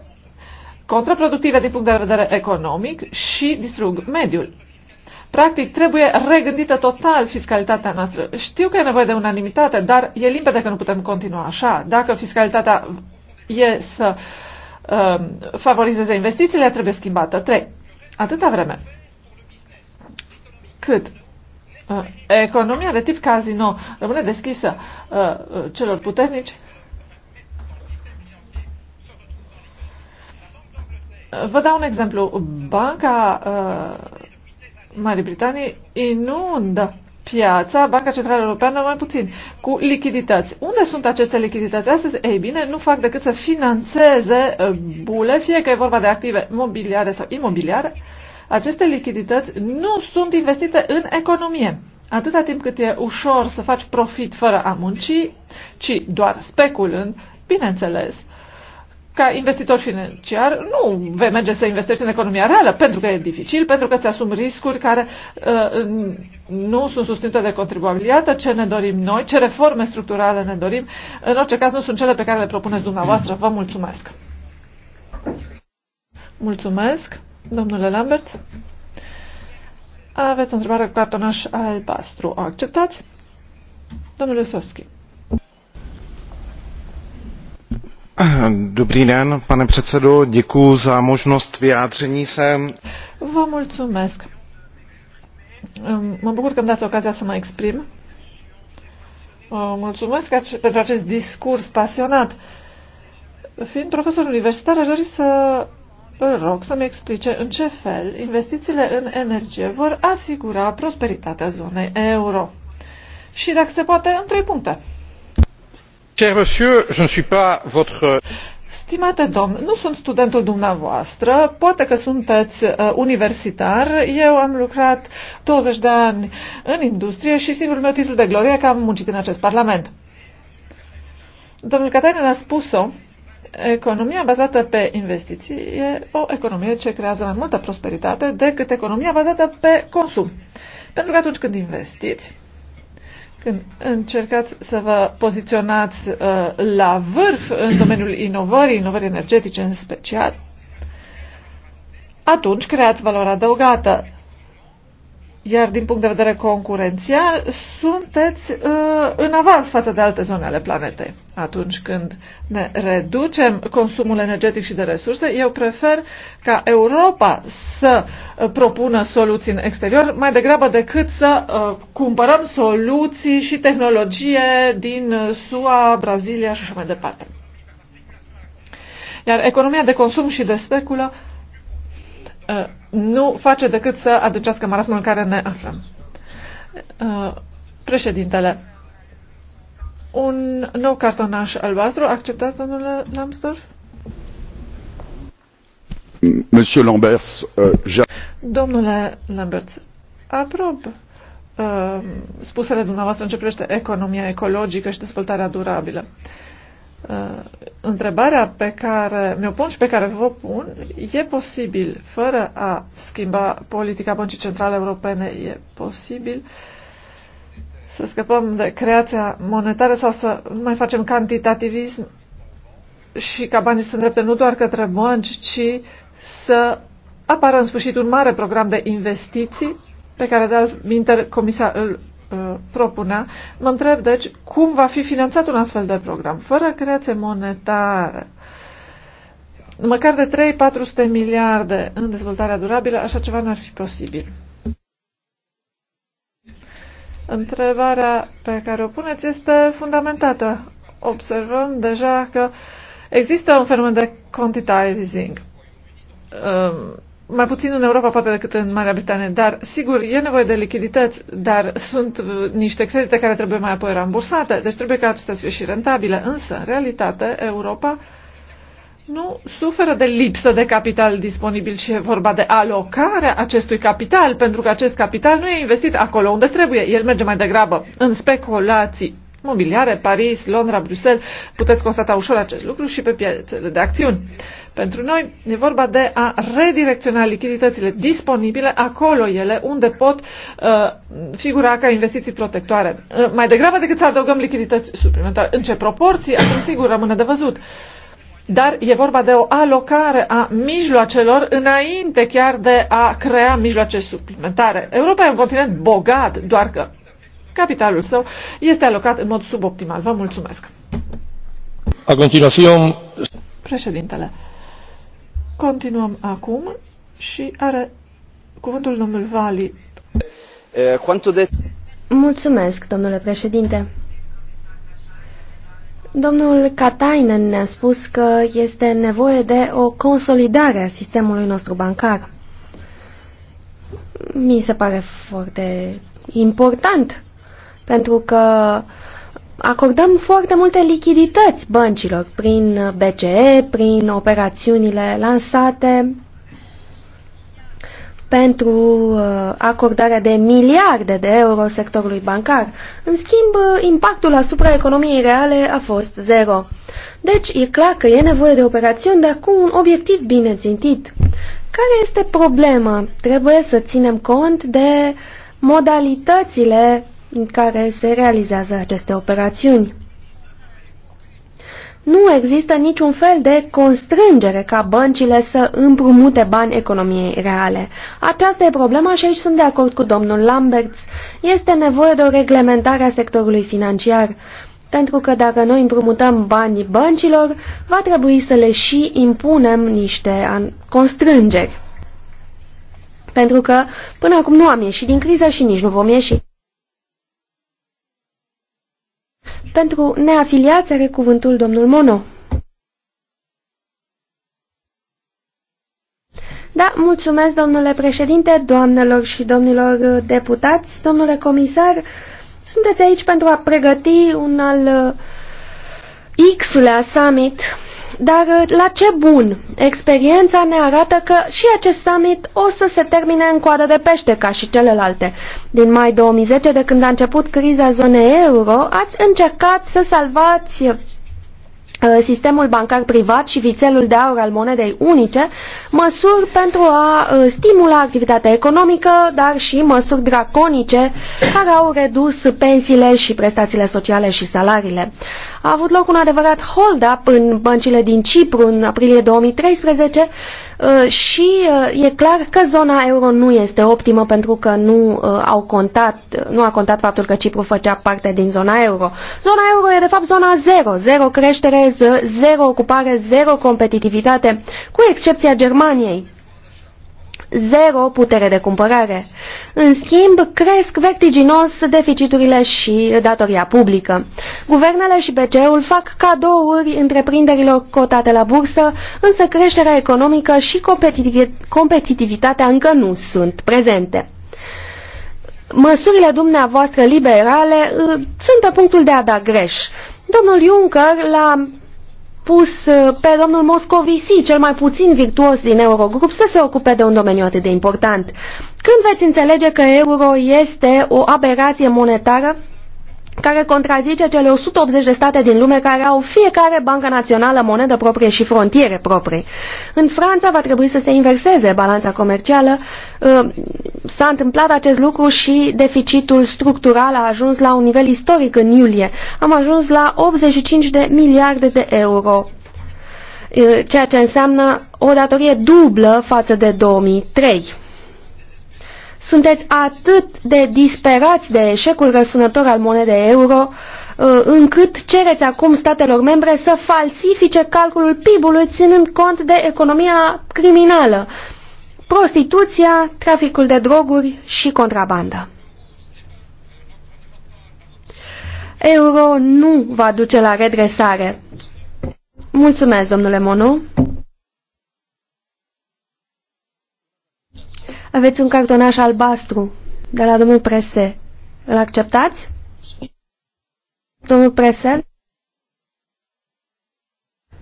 contraproductive din punct de vedere economic și distrug mediul. Practic, trebuie regândită total fiscalitatea noastră. Știu că e nevoie de unanimitate, dar e limpede că nu putem continua așa. Dacă fiscalitatea e să uh, Um, favorizeze investițiile, trebuie schimbată. 3. Atâta vreme cât uh, economia de tip casino rămâne deschisă uh, uh, celor puternici, Vă dau un exemplu. Banca uh, Marii Britanii inundă piața, Banca Centrală Europeană mai puțin, cu lichidități. Unde sunt aceste lichidități astăzi? Ei bine, nu fac decât să financeze uh, bule, fie că e vorba de active mobiliare sau imobiliare. Aceste lichidități nu sunt investite în economie. Atâta timp cât e ușor să faci profit fără a munci, ci doar speculând, bineînțeles, uh, ca investitor financiar nu vei merge să investești în economia reală, pentru că e dificil, pentru că ți-asumi riscuri care uh, nu sunt susținute de contribuabilitate. ce ne dorim noi, ce reforme structurale ne dorim. În orice caz, nu sunt cele pe care le propuneți dumneavoastră. Vă mulțumesc! Mulțumesc, domnule Lambert. Aveți o întrebare cu cartonaș albastru. O acceptați? Domnule Soschi. pane předsedo, děkuji za možnost vyjádření se. Vă mulțumesc. Mă bucur că îmi dați ocazia să mă exprim. Mulțumesc pentru acest discurs pasionat. Fiind profesor universitar, aș dori să îl rog să-mi explice în ce fel investițiile în energie vor asigura prosperitatea zonei euro. Și dacă se poate, în trei puncte. Stimate domn, nu sunt studentul dumneavoastră, poate că sunteți uh, universitar. Eu am lucrat 20 de ani în industrie și singurul meu titlu de glorie e că am muncit în acest parlament. Domnul Catainen a spus-o, economia bazată pe investiții e o economie ce creează mai multă prosperitate decât economia bazată pe consum. Pentru că atunci când investiți, când încercați să vă poziționați uh, la vârf în domeniul inovării, inovării energetice în special, atunci creați valoare adăugată. Iar din punct de vedere concurențial, sunteți uh, în avans față de alte zone ale planetei. Atunci când ne reducem consumul energetic și de resurse, eu prefer ca Europa să uh, propună soluții în exterior mai degrabă decât să uh, cumpărăm soluții și tehnologie din uh, SUA, Brazilia și așa mai departe. Iar economia de consum și de speculă uh, Uh, nu face decât să aducească marasmul în care ne aflăm. Uh, președintele, un nou cartonaș albastru. Acceptați, domnule Lambsdorff? Monsieur Lambert, uh, Domnule Lambert, aprob uh, spusele dumneavoastră în ce privește economia ecologică și dezvoltarea durabilă. Uh, Uh, întrebarea pe care mi-o pun și pe care vă pun, e posibil, fără a schimba politica Băncii Centrale Europene, e posibil să scăpăm de creația monetară sau să nu mai facem cantitativism și ca banii să îndrepte nu doar către bănci, ci să apară în sfârșit un mare program de investiții pe care de altminte Comisia îl propune. Uh, propunea. Mă întreb, deci, cum va fi finanțat un astfel de program? Fără creație monetară, măcar de 3-400 miliarde în dezvoltarea durabilă, așa ceva nu ar fi posibil. Întrebarea pe care o puneți este fundamentată. Observăm deja că există un fenomen de quantitizing. Um, mai puțin în Europa poate decât în Marea Britanie, dar sigur e nevoie de lichidități, dar sunt uh, niște credite care trebuie mai apoi rambursate, deci trebuie ca acestea să fie și rentabile. Însă, în realitate, Europa nu suferă de lipsă de capital disponibil, și e vorba de alocarea acestui capital, pentru că acest capital nu e investit acolo unde trebuie. El merge mai degrabă în speculații mobiliare, Paris, Londra, Bruxelles. Puteți constata ușor acest lucru și pe piețele de acțiuni. Pentru noi e vorba de a redirecționa lichiditățile disponibile acolo ele unde pot uh, figura ca investiții protectoare. Uh, mai degrabă decât să adăugăm lichidități suplimentare. În ce proporții, acum sigur rămâne de văzut. Dar e vorba de o alocare a mijloacelor înainte chiar de a crea mijloace suplimentare. Europa e un continent bogat, doar că capitalul său este alocat în mod suboptimal. Vă mulțumesc. A continuación... Președintele. Continuăm acum și are cuvântul domnul Vali. Eh, Mulțumesc, domnule președinte. Domnul Katainen ne-a spus că este nevoie de o consolidare a sistemului nostru bancar. Mi se pare foarte important, pentru că uh, acordăm foarte multe lichidități băncilor prin BCE, prin operațiunile lansate pentru uh, acordarea de miliarde de euro sectorului bancar. În schimb, impactul asupra economiei reale a fost zero. Deci, e clar că e nevoie de operațiuni, dar cu un obiectiv bine țintit. Care este problema? Trebuie să ținem cont de modalitățile în care se realizează aceste operațiuni. Nu există niciun fel de constrângere ca băncile să împrumute bani economiei reale. Aceasta e problema și aici sunt de acord cu domnul Lamberts. Este nevoie de o reglementare a sectorului financiar, pentru că dacă noi împrumutăm banii băncilor, va trebui să le și impunem niște constrângeri. Pentru că până acum nu am ieșit din criză și nici nu vom ieși. Pentru neafiliați are cuvântul domnul Mono. Da, mulțumesc, domnule președinte, doamnelor și domnilor deputați, domnule comisar. Sunteți aici pentru a pregăti un al uh, X-ulea summit dar uh, la ce bun? Experiența ne arată că și acest summit o să se termine în coadă de pește, ca și celelalte. Din mai 2010, de când a început criza zonei euro, ați încercat să salvați uh, sistemul bancar privat și vițelul de aur al monedei unice, măsuri pentru a uh, stimula activitatea economică, dar și măsuri draconice care au redus pensiile și prestațiile sociale și salariile a avut loc un adevărat hold-up în băncile din Cipru în aprilie 2013 uh, și uh, e clar că zona euro nu este optimă pentru că nu, uh, au contat, nu a contat faptul că Cipru făcea parte din zona euro. Zona euro e de fapt zona zero, zero creștere, zero ocupare, zero competitivitate, cu excepția Germaniei zero putere de cumpărare. În schimb, cresc vertiginos deficiturile și datoria publică. Guvernele și BCE-ul fac cadouri întreprinderilor cotate la bursă, însă creșterea economică și competitiv competitivitatea încă nu sunt prezente. Măsurile dumneavoastră liberale uh, sunt pe punctul de a da greș. Domnul Juncker, la pus uh, pe domnul Moscovici, cel mai puțin virtuos din Eurogrup, să se ocupe de un domeniu atât de important. Când veți înțelege că euro este o aberație monetară care contrazice cele 180 de state din lume care au fiecare bancă națională, monedă proprie și frontiere proprii. În Franța va trebui să se inverseze balanța comercială. Uh, s-a întâmplat acest lucru și deficitul structural a ajuns la un nivel istoric în iulie. Am ajuns la 85 de miliarde de euro uh, ceea ce înseamnă o datorie dublă față de 2003. Sunteți atât de disperați de eșecul răsunător al monedei euro, uh, încât cereți acum statelor membre să falsifice calculul PIB-ului ținând cont de economia criminală, prostituția, traficul de droguri și contrabanda. Euro nu va duce la redresare. Mulțumesc, domnule Mono. Aveți un cartonaș albastru de la domnul Prese. Îl acceptați? Domnul Prese?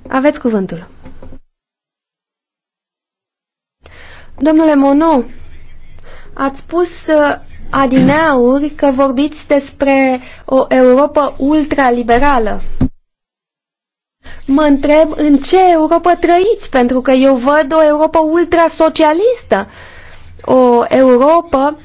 Aveți cuvântul. Domnule Mono, ați spus uh, adineauri că vorbiți despre o Europa ultraliberală. Mă întreb în ce Europa trăiți, pentru că eu văd o Europa ultrasocialistă. socialistă o Europa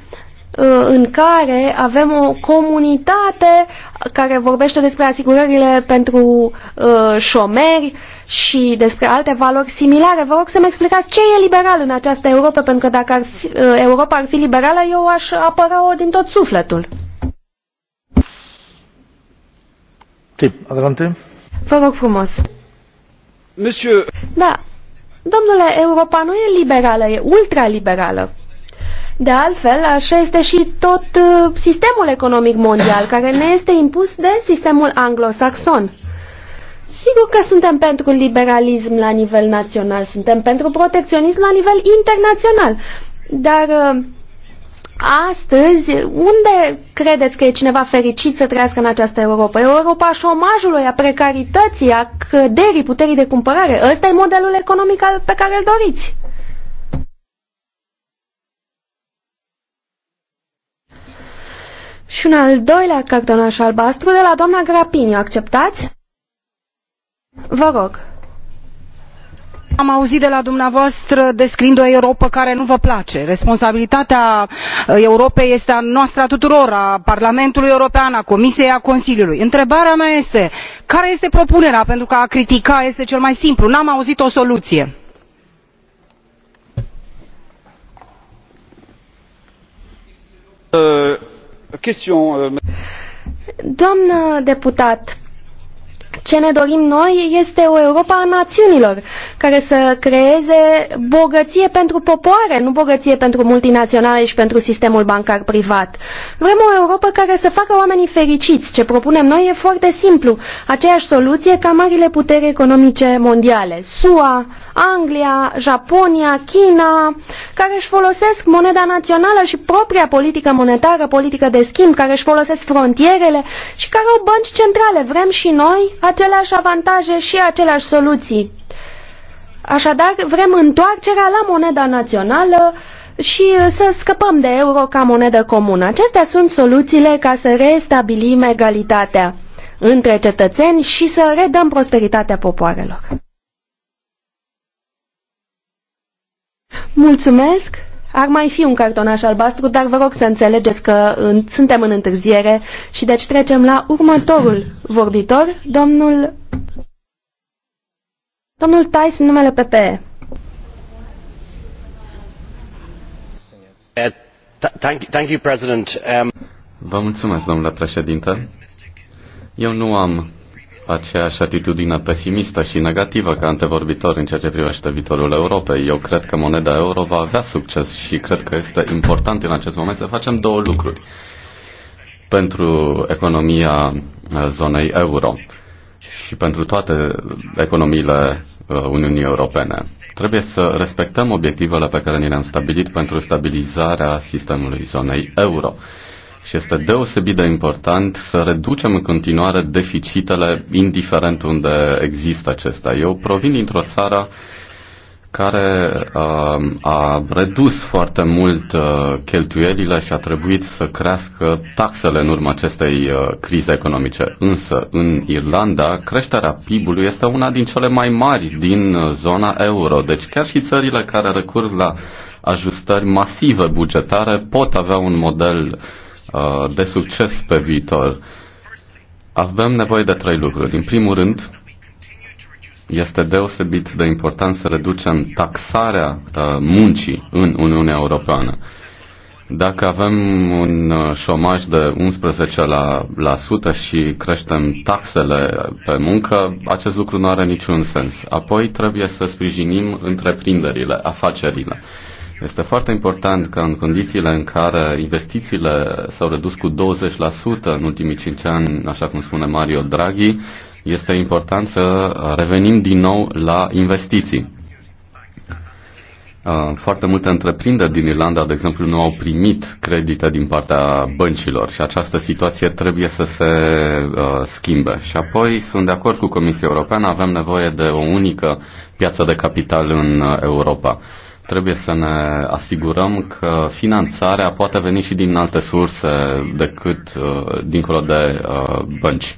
uh, în care avem o comunitate care vorbește despre asigurările pentru uh, șomeri și despre alte valori similare. Vă rog să-mi explicați ce e liberal în această Europa, pentru că dacă ar fi, uh, Europa ar fi liberală, eu aș apăra-o din tot sufletul. Tip, adelante. Vă rog frumos. Monsieur... Da. Domnule, Europa nu e liberală, e ultraliberală. De altfel, așa este și tot uh, sistemul economic mondial, care ne este impus de sistemul anglosaxon. Sigur că suntem pentru liberalism la nivel național, suntem pentru protecționism la nivel internațional, dar uh, astăzi unde credeți că e cineva fericit să trăiască în această Europa? Europa a șomajului, a precarității, a căderii puterii de cumpărare. Ăsta e modelul economic pe care îl doriți. Și un al doilea cartonaș albastru de la doamna Grapini. Acceptați? Vă rog. Am auzit de la dumneavoastră descriind o Europa care nu vă place. Responsabilitatea uh, Europei este a noastră a tuturor, a Parlamentului European, a Comisiei, a Consiliului. Întrebarea mea este, care este propunerea? Pentru că a critica este cel mai simplu. N-am auzit o soluție. Uh Euh, Doamnă deputat, ce ne dorim noi este o Europa a națiunilor, care să creeze bogăție pentru popoare, nu bogăție pentru multinaționale și pentru sistemul bancar privat. Vrem o Europa care să facă oamenii fericiți. Ce propunem noi e foarte simplu, aceeași soluție ca marile puteri economice mondiale, SUA, Anglia, Japonia, China, care își folosesc moneda națională și propria politică monetară, politică de schimb, care își folosesc frontierele și care au bănci centrale. Vrem și noi aceleași avantaje și aceleași soluții. Așadar, vrem întoarcerea la moneda națională și uh, să scăpăm de euro ca monedă comună. Acestea sunt soluțiile ca să restabilim egalitatea între cetățeni și să redăm prosperitatea popoarelor. Mulțumesc! Ar mai fi un cartonaș albastru, dar vă rog să înțelegeți că în, suntem în întârziere și deci trecem la următorul vorbitor, domnul, domnul Tyson, numele PPE. Uh, um, vă mulțumesc, domnule președinte. Eu nu am aceeași atitudine pesimistă și negativă ca antevorbitor în ceea ce privește viitorul Europei. Eu cred că moneda euro va avea succes și cred că este important în acest moment să facem două lucruri pentru economia uh, zonei euro și pentru toate economiile uh, Uniunii Europene. Trebuie să respectăm obiectivele pe care ni le-am stabilit pentru stabilizarea sistemului zonei euro și este deosebit de important să reducem în continuare deficitele, indiferent unde există acesta. Eu provin dintr-o țară care uh, a redus foarte mult uh, cheltuielile și a trebuit să crească taxele în urma acestei uh, crize economice. Însă, în Irlanda, creșterea PIB-ului este una din cele mai mari din uh, zona euro. Deci chiar și țările care recurg la ajustări masive bugetare pot avea un model uh, Uh, de succes pe viitor, avem nevoie de trei lucruri. În primul rând, este deosebit de important să reducem taxarea uh, muncii în Uniunea Europeană. Dacă avem un uh, șomaj de 11% la, la sută și creștem taxele pe muncă, acest lucru nu are niciun sens. Apoi trebuie să sprijinim întreprinderile, afacerile. Uh, este foarte important că în condițiile în care investițiile s-au redus cu 20% în ultimii 5 ani, așa cum spune Mario Draghi, este important să revenim din nou la investiții. Uh, foarte multe întreprinderi din Irlanda, de exemplu, nu au primit credite din partea băncilor și această situație trebuie să se uh, schimbe. Și apoi sunt de acord cu Comisia Europeană, avem nevoie de o unică piață de capital în uh, Europa. Uh, Trebuie să ne asigurăm că finanțarea poate veni și din alte surse decât uh, dincolo de uh, bănci.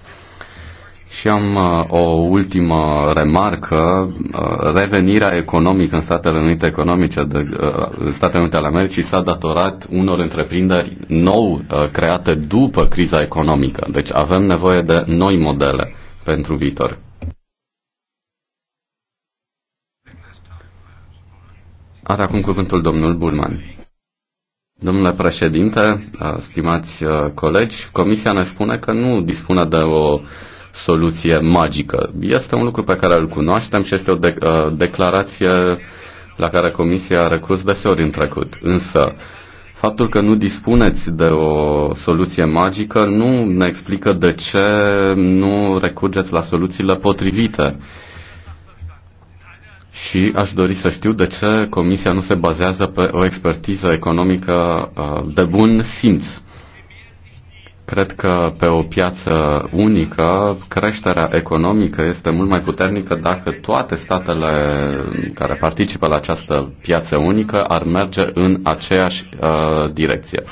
Și am uh, o ultimă remarcă. Uh, revenirea economică în Statele Unite economice de, uh, în Statele Unite ale Americii s-a datorat unor întreprinderi nou uh, create după criza economică. Deci avem nevoie de noi modele pentru viitor. Are acum cuvântul domnul Bulman. Domnule președinte, uh, stimați uh, colegi, Comisia ne spune că nu dispune de o soluție magică. Este un lucru pe care îl cunoaștem și este o uh, declarație la care Comisia a recurs deseori în trecut. Însă, faptul că nu dispuneți de o soluție magică nu ne explică de ce nu recurgeți la soluțiile potrivite și aș dori să știu de ce Comisia nu se bazează pe o expertiză economică uh, de bun simț. Cred că pe o piață unică, creșterea economică este mult mai puternică dacă toate statele care participă la această piață unică ar merge în aceeași uh, direcție.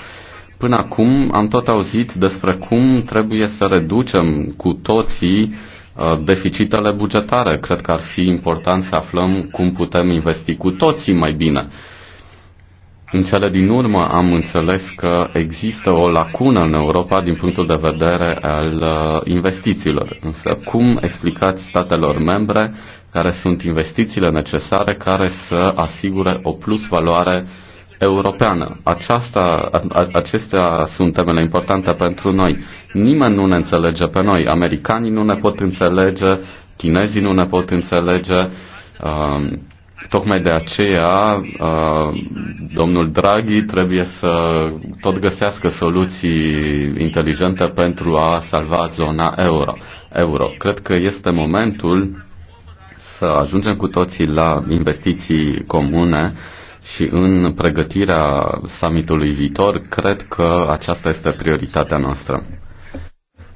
Până acum am tot auzit despre cum trebuie să reducem cu toții uh, Uh, deficitele bugetare. Cred că ar fi important să aflăm cum putem investi cu toții mai bine. În cele din urmă am înțeles că există o lacună în Europa din punctul de vedere al uh, investițiilor. Însă cum explicați statelor membre care sunt investițiile necesare care să asigure o plus valoare europeană. Aceasta, acestea sunt temele importante pentru noi. Nimeni nu ne înțelege pe noi. Americanii nu ne pot înțelege, chinezii nu ne pot înțelege. Uh, Tocmai de aceea, uh, domnul Draghi trebuie să tot găsească soluții inteligente pentru a salva zona euro. euro. Cred că este momentul să ajungem cu toții la investiții comune și în pregătirea summitului viitor, cred că aceasta este prioritatea noastră.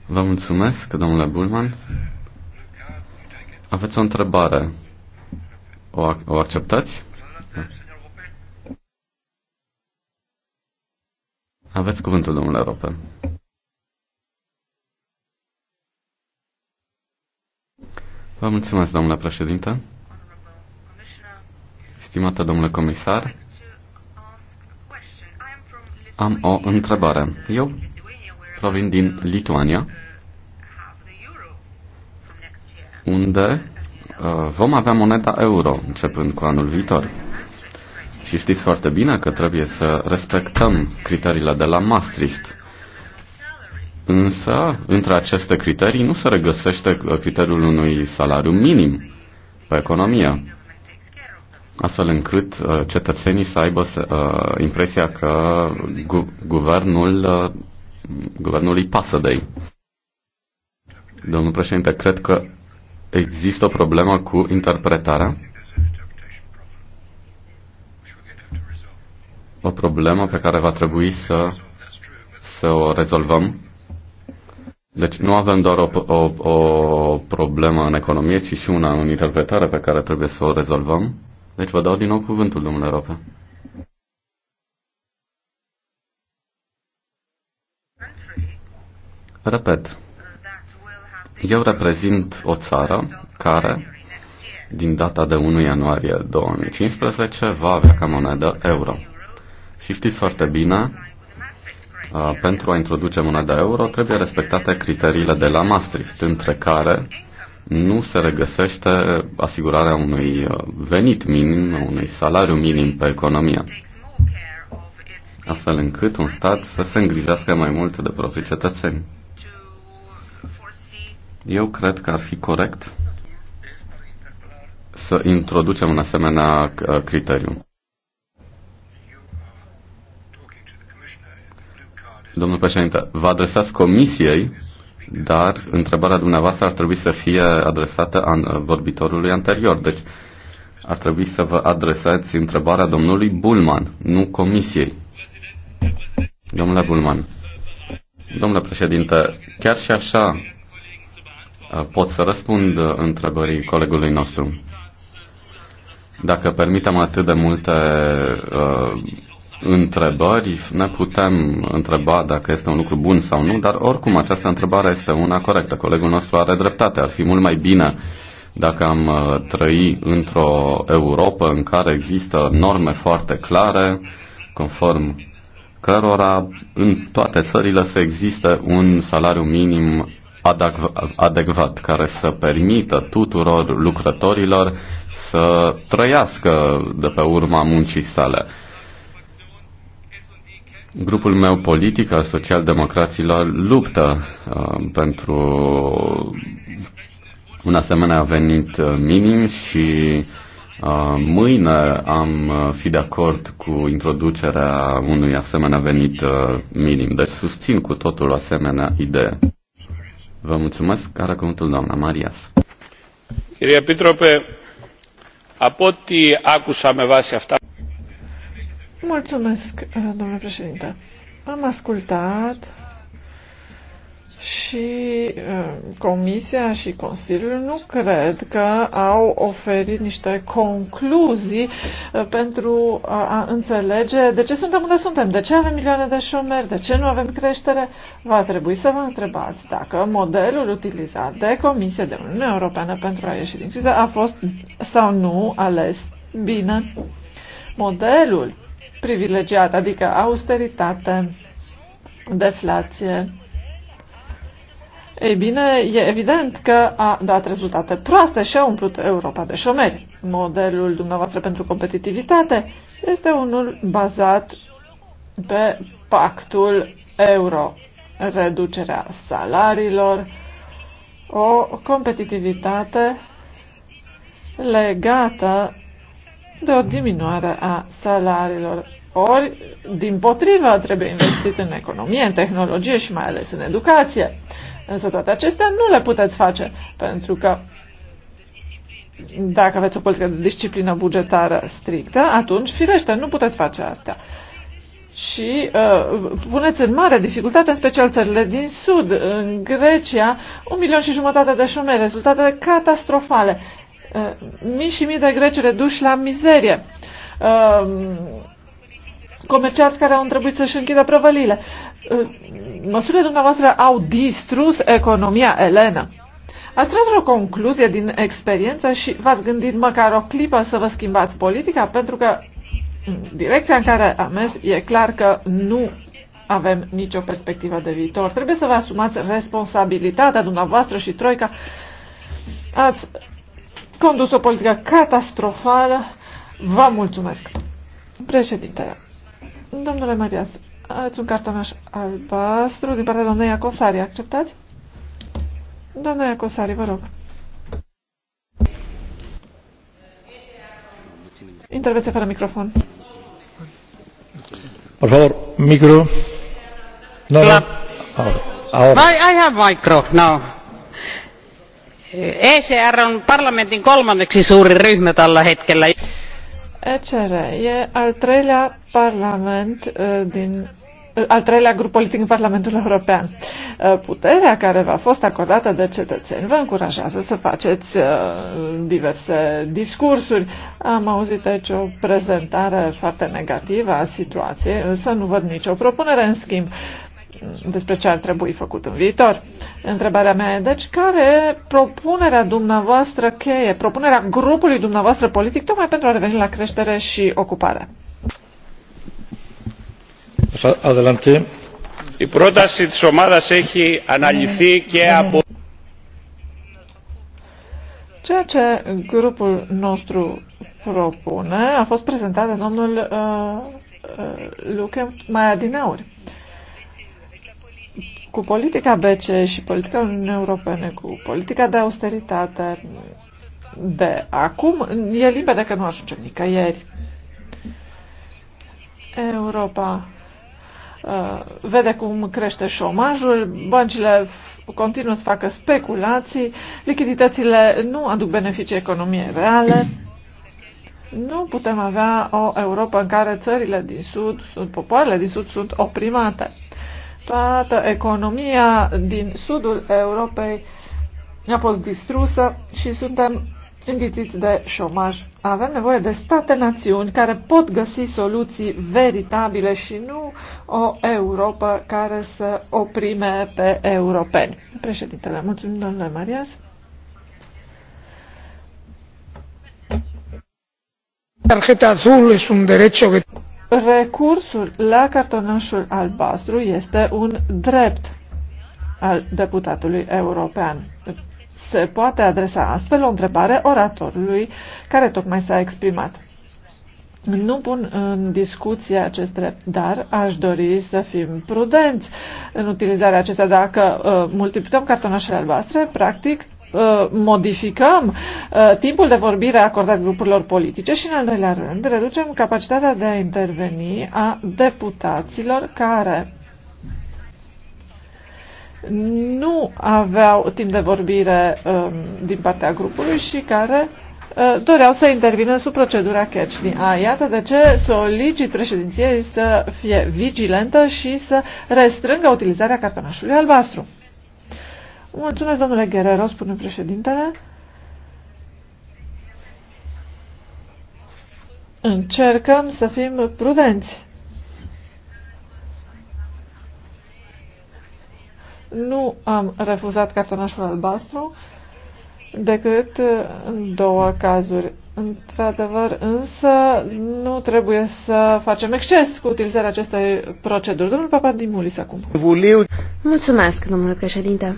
Vă mulțumesc, domnule Bulman. Aveți o întrebare. O, ac- o acceptați? Aveți cuvântul, domnule Rope. Vă mulțumesc, domnule președinte. Stimată domnule comisar, am o întrebare. Eu provin din Lituania, unde uh, vom avea moneda euro începând cu anul viitor. Și știți foarte bine că trebuie să respectăm criteriile de la Maastricht. Însă, între aceste criterii nu se regăsește uh, criteriul unui salariu minim pe economie astfel încât uh, cetățenii să aibă uh, impresia că gu- guvernul, uh, guvernul îi pasă de ei. Domnul președinte, cred că există o problemă cu interpretarea. O problemă pe care va trebui să, să o rezolvăm. Deci nu avem doar o, o, o problemă în economie, ci și una în interpretare pe care trebuie să o rezolvăm. Deci vă dau din nou cuvântul, domnule Rope. Repet, eu reprezint o țară care, din data de 1 ianuarie 2015, va avea ca monedă euro. Și știți foarte bine, pentru a introduce moneda euro trebuie respectate criteriile de la Maastricht, între care nu se regăsește asigurarea unui uh, venit minim, unui salariu minim pe economia, astfel încât un stat să se îngrijească mai mult de proprii cetățeni. Eu cred că ar fi corect să introducem un asemenea uh, criteriu. Domnul președinte, vă adresați comisiei dar întrebarea dumneavoastră ar trebui să fie adresată an, vorbitorului anterior. Deci ar trebui să vă adresați întrebarea domnului Bulman, nu comisiei. Domnule Bulman, domnule președinte, chiar și așa pot să răspund întrebării colegului nostru. Dacă permitem atât de multe uh, întrebări, ne putem întreba dacă este un lucru bun sau nu, dar oricum această întrebare este una corectă. Colegul nostru are dreptate. Ar fi mult mai bine dacă am uh, trăi într-o Europa în care există norme foarte clare, conform cărora în toate țările să existe un salariu minim adecvat, care să permită tuturor lucrătorilor să trăiască de pe urma muncii sale. Grupul meu politic al socialdemocraților luptă uh, pentru un asemenea venit uh, minim și uh, mâine am uh, fi de acord cu introducerea unui asemenea venit uh, minim. Deci susțin cu totul o asemenea idee. Vă mulțumesc. Are cuvântul doamna Marias. Κύριε Επίτροπε, από ό,τι άκουσα με βάση αυτά Mulțumesc, uh, domnule președinte. Am ascultat și uh, Comisia și Consiliul nu cred că au oferit niște concluzii uh, pentru a înțelege de ce suntem unde suntem, de ce avem milioane de șomeri, de ce nu avem creștere. Va trebui să vă întrebați dacă modelul utilizat de Comisia de Uniunea Europeană pentru a ieși din criză a fost sau nu ales bine. Modelul privilegiat, adică austeritate, deflație. Ei bine, e evident că a dat rezultate proaste și a umplut Europa de șomeri. Modelul dumneavoastră pentru competitivitate este unul bazat pe pactul euro, reducerea salariilor, o competitivitate legată de o diminuare a salariilor. Ori, din potriva, trebuie investit în economie, în tehnologie și mai ales în educație. Însă toate acestea nu le puteți face, pentru că dacă aveți o politică de disciplină bugetară strictă, atunci, firește, nu puteți face asta. Și uh, puneți în mare dificultate, în special țările din Sud, în Grecia, un milion și jumătate de șomeri, rezultate catastrofale. Uh, mii și mii de greci reduși la mizerie, uh, comerciați care au trebuit să-și închidă prăvălile. Uh, măsurile dumneavoastră au distrus economia elenă. Ați tras o concluzie din experiență și v-ați gândit măcar o clipă să vă schimbați politica? Pentru că direcția în care am mers e clar că nu avem nicio perspectivă de viitor. Trebuie să vă asumați responsabilitatea dumneavoastră și Troica. Ați condus o politică catastrofală. Vă mulțumesc. Președintele, domnule Marias, ați un cartonaș albastru din partea doamnei Acosari. Acceptați? Doamna Acosari, vă rog. Intervenție fără microfon. Por favor, micro. No, no. Ahora. Ahora. I, I have micro now. ECR on parlamentin kolmanneksi suuri ryhmä tällä hetkellä. ECR e al treilea parlament din al treilea grup politic în Parlamentul European. Puterea care v-a fost acordată de cetățeni vă încurajează să faceți diverse discursuri. Am auzit aici o prezentare foarte negativă a situației, însă nu văd nicio propunere în schimb despre ce ar trebui făcut în viitor. Întrebarea mea e, deci, care propunerea dumneavoastră cheie, propunerea grupului dumneavoastră politic, tocmai pentru a reveni la creștere și ocupare? Adelante. Η πρόταση της ομάδας έχει αναλυθεί και από... Ceea ce grupul nostru propune a fost prezentat de domnul uh, uh, Luke mai adineauri cu politica BCE și politica Uniunii Europene, cu politica de austeritate de acum, e limpede că nu ajungem nicăieri. Europa uh, vede cum crește șomajul, băncile continuă să facă speculații, lichiditățile nu aduc beneficii economiei reale. Nu putem avea o Europa în care țările din Sud, sunt, popoarele din Sud sunt oprimate toată economia din sudul Europei a fost distrusă și suntem înghițiți de șomaj. Avem nevoie de state-națiuni care pot găsi soluții veritabile și nu o Europa care să oprime pe europeni. Președintele, mulțumim, domnule Marias. Tarjeta azul este un derecho que... Recursul la cartonașul albastru este un drept al deputatului european. Se poate adresa astfel o întrebare oratorului care tocmai s-a exprimat. Nu pun în discuție acest drept, dar aș dori să fim prudenți în utilizarea acestea. Dacă uh, multiplicăm cartonașele albastre, practic Uh, modificăm uh, timpul de vorbire acordat grupurilor politice și, în al doilea rând, reducem capacitatea de a interveni a deputaților care nu aveau timp de vorbire um, din partea grupului și care uh, doreau să intervină sub procedura catch A, Iată de ce solicit președinției să fie vigilentă și să restrângă utilizarea cartonașului albastru. Mulțumesc, domnule Guerrero, spune președintele. Încercăm să fim prudenți. Nu am refuzat cartonașul albastru decât în două cazuri. Într-adevăr, însă, nu trebuie să facem exces cu utilizarea acestei proceduri. Domnul papa Dimulis acum. Mulțumesc, domnule președinte.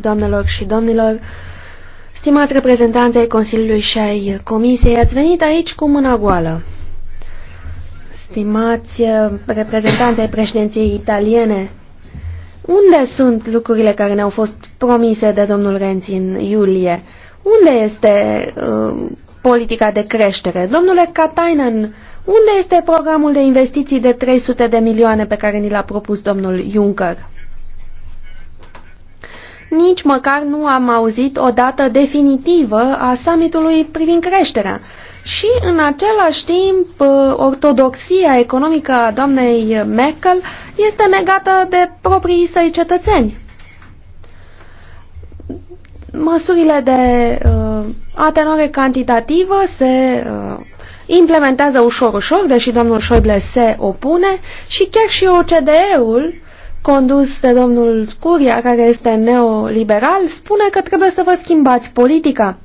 Doamnelor și domnilor, stimați reprezentanți ai Consiliului și ai Comisiei, ați venit aici cu mâna goală. Stimați eh, reprezentanți ai președinției italiene, unde sunt lucrurile care ne-au fost promise de domnul Renzi în iulie? Unde este uh, politica de creștere? Domnule Katainen, unde este programul de investiții de 300 de milioane pe care ni l-a propus domnul Juncker? nici măcar nu am auzit o dată definitivă a summitului privind creșterea. Și în același timp, uh, ortodoxia economică a doamnei Merkel este negată de proprii săi cetățeni. Măsurile de uh, atenuare cantitativă se uh, implementează ușor-ușor, deși domnul Schäuble se opune și chiar și OCDE-ul condus de domnul Scuria, care este neoliberal, spune că trebuie să vă schimbați politica.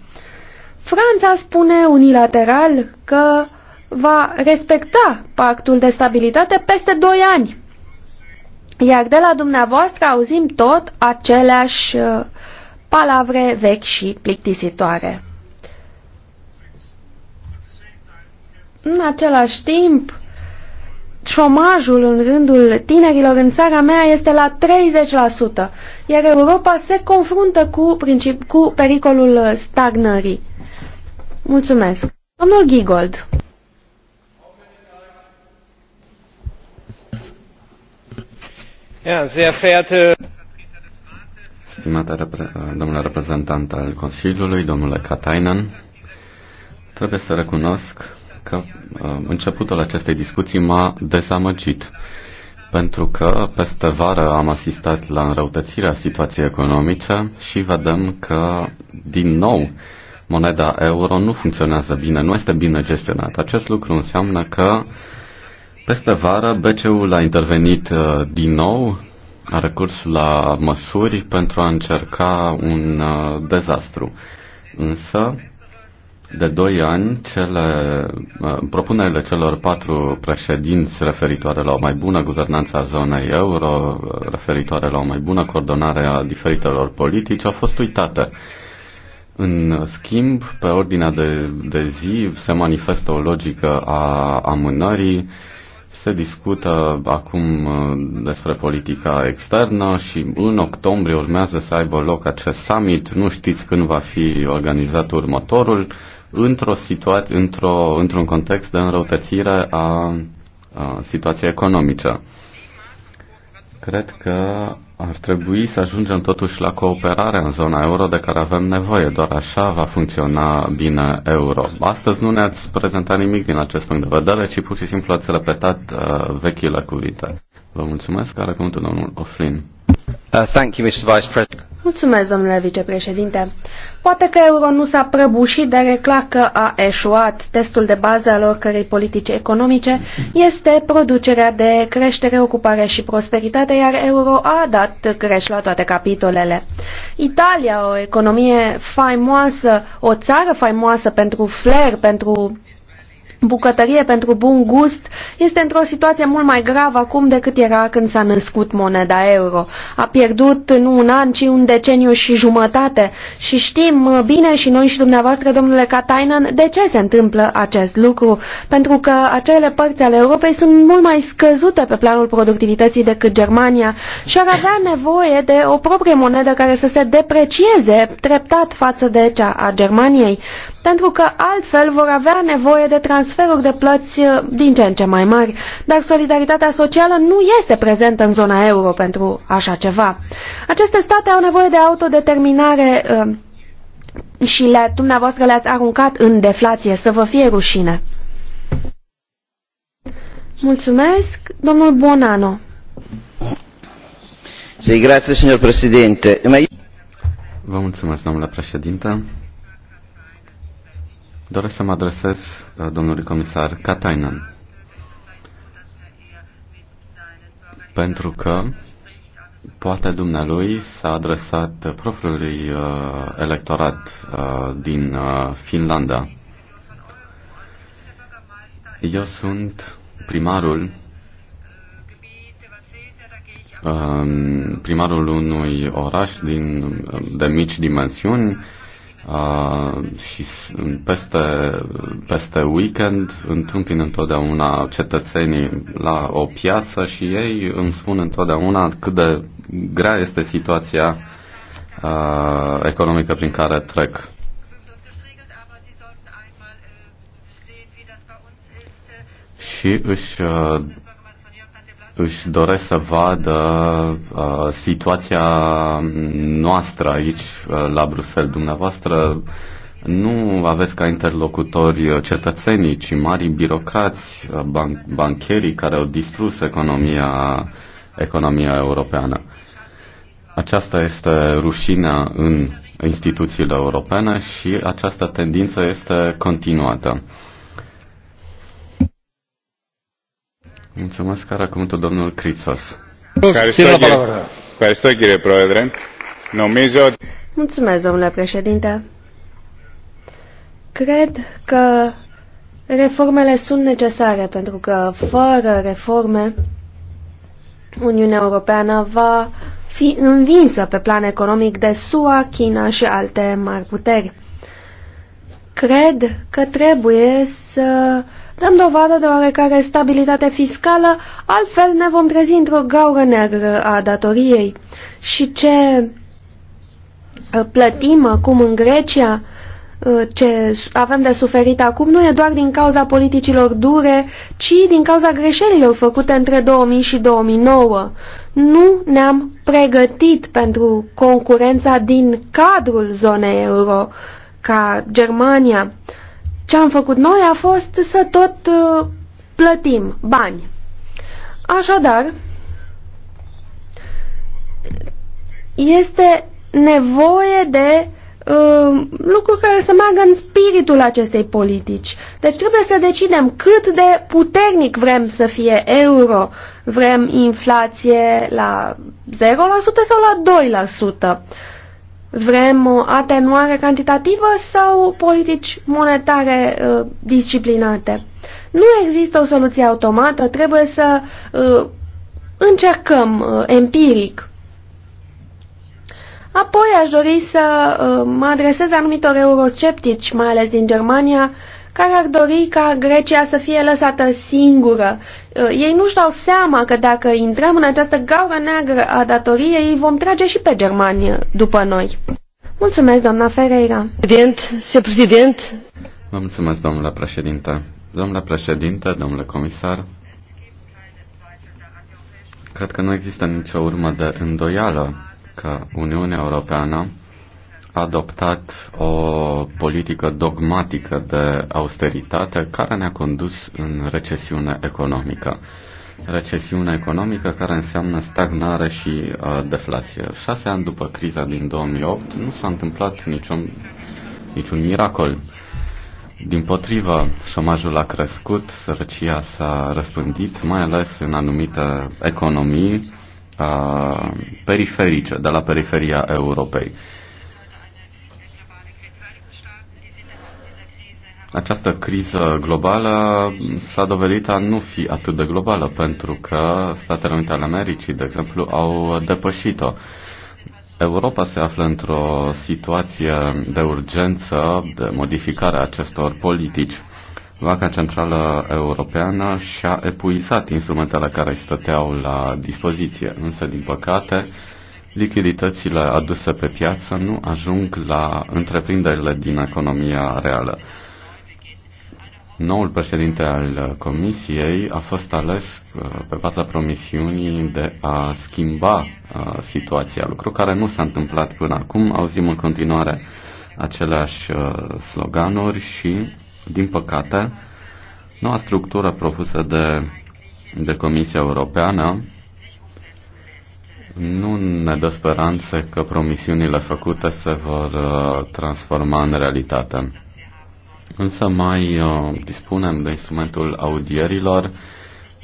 Franța spune unilateral că va respecta pactul de stabilitate peste 2 ani. Iar de la dumneavoastră auzim tot aceleași uh, palavre vechi și plictisitoare. În același timp, șomajul în rândul tinerilor în țara mea este la 30%, iar Europa se confruntă cu, princip, cu pericolul stagnării. Mulțumesc. Domnul Gigold. Stimate repre domnule reprezentant al Consiliului, domnule Katainen, trebuie să recunosc că uh, începutul acestei discuții m-a dezamăgit, pentru că peste vară am asistat la înrăutățirea situației economice și vedem că, din nou, moneda euro nu funcționează bine, nu este bine gestionată. Acest lucru înseamnă că peste vară BCU-ul a intervenit uh, din nou, a recurs la măsuri pentru a încerca un uh, dezastru. Însă, de doi ani, cele, uh, propunerile celor patru președinți referitoare la o mai bună guvernanță a zonei euro, referitoare la o mai bună coordonare a diferitelor politici, au fost uitate. În schimb, pe ordinea de, de zi se manifestă o logică a amânării, se discută acum uh, despre politica externă și în octombrie urmează să aibă loc acest summit. Nu știți când va fi organizat următorul într-o situație, într-o, într-un context de înrăutățire a, a situației economice. Cred că ar trebui să ajungem totuși la cooperare în zona euro de care avem nevoie. Doar așa va funcționa bine euro. Astăzi nu ne-ați prezentat nimic din acest punct de vedere, ci pur și simplu ați repetat uh, vechile cuvinte. Vă mulțumesc. Are cuvântul domnul Oflin. Uh, thank you, Mr. Vice President. Mulțumesc, domnule vicepreședinte. Poate că euro nu s-a prăbușit, dar e clar că a eșuat. Testul de bază al oricărei politici economice este producerea de creștere, ocupare și prosperitate, iar euro a dat creș la toate capitolele. Italia, o economie faimoasă, o țară faimoasă pentru flair, pentru bucătărie pentru bun gust este într-o situație mult mai gravă acum decât era când s-a născut moneda euro. A pierdut nu un an, ci un deceniu și jumătate și știm uh, bine și noi și dumneavoastră, domnule Katainen, de ce se întâmplă acest lucru, pentru că acele părți ale Europei sunt mult mai scăzute pe planul productivității decât Germania și ar avea nevoie de o proprie monedă care să se deprecieze treptat față de cea a Germaniei pentru că altfel vor avea nevoie de transferuri de plăți uh, din ce în ce mai mari, dar solidaritatea socială nu este prezentă în zona euro pentru așa ceva. Aceste state au nevoie de autodeterminare uh, și le, dumneavoastră le-ați aruncat în deflație, să vă fie rușine. Mulțumesc, domnul Bonano. Sì, grazie signor Presidente. Ma io... Vă mulțumesc, domnule președinte. Doresc să mă adresez uh, domnului comisar Katainen. Pentru că poate dumnealui s-a adresat propriului uh, electorat uh, din uh, Finlanda. Eu sunt primarul um, primarul unui oraș din, de mici dimensiuni și peste, peste weekend întâmpin întotdeauna cetățenii la o piață și ei îmi spun întotdeauna cât de grea este situația uh, economică prin care trec. Și își uh, își doresc să vadă uh, situația noastră aici, uh, la Bruxelles. Dumneavoastră nu aveți ca interlocutori uh, cetățenii, ci mari birocrați, uh, ban- bancherii care au distrus economia, economia europeană. Aceasta este rușinea în instituțiile europene și această tendință este continuată. Mulțumesc, acum tot domnul Crițos. Mulțumesc, domnule președinte. Cred că reformele sunt necesare, pentru că fără reforme Uniunea Europeană va fi învinsă pe plan economic de SUA, China și alte mari puteri. Cred că trebuie să uh, dăm dovadă de oarecare stabilitate fiscală, altfel ne vom trezi într-o gaură neagră a datoriei. Și ce uh, plătim acum în Grecia, uh, ce avem de suferit acum, nu e doar din cauza politicilor dure, ci din cauza greșelilor făcute între 2000 și 2009. Nu ne-am pregătit pentru concurența din cadrul zonei euro, ca Germania, ce am făcut noi a fost să tot uh, plătim bani. Așadar, este nevoie de uh, lucruri care să meargă în spiritul acestei politici. Deci trebuie să decidem cât de puternic vrem să fie euro. Vrem inflație la 0% sau la 2%. Vrem o atenuare cantitativă sau politici monetare uh, disciplinate? Nu există o soluție automată, trebuie să uh, încercăm uh, empiric. Apoi aș dori să uh, mă adresez anumitor eurosceptici, mai ales din Germania, uh, care ar dori ca Grecia să fie lăsată singură. Uh, ei nu-și dau seama că dacă intrăm în această gaură neagră a datoriei, vom trage și pe Germania după noi. Mulțumesc, doamna Ferreira. President, se prezident. Vă mulțumesc, domnule președinte. Domnule președinte, domnule comisar, cred că nu există nicio urmă de îndoială că Uniunea Europeană adoptat o politică dogmatică de austeritate care ne-a condus în recesiune economică. Recesiune economică care înseamnă stagnare și uh, deflație. Șase ani după criza din 2008 nu s-a întâmplat niciun, niciun miracol. Din potrivă, șomajul a crescut, sărăcia s-a răspândit, mai ales în anumite economii uh, periferice, de la periferia Europei. Această criză globală s-a dovedit a nu fi atât de globală, pentru că Statele Unite ale Americii, de exemplu, au depășit-o. Europa se află într-o situație de urgență, de modificare a acestor politici. Banca Centrală Europeană și-a epuizat instrumentele care îi stăteau la dispoziție, însă, din păcate, lichiditățile aduse pe piață nu ajung la întreprinderile din economia reală. Noul președinte al uh, Comisiei a fost ales uh, pe baza promisiunii de a schimba uh, situația, lucru care nu s-a întâmplat până acum. Auzim în continuare aceleași sloganuri și, din păcate, noua structură propusă de, de Comisia Europeană nu ne dă speranțe că promisiunile făcute se vor transforma în realitate. Însă mai uh, dispunem de instrumentul audierilor,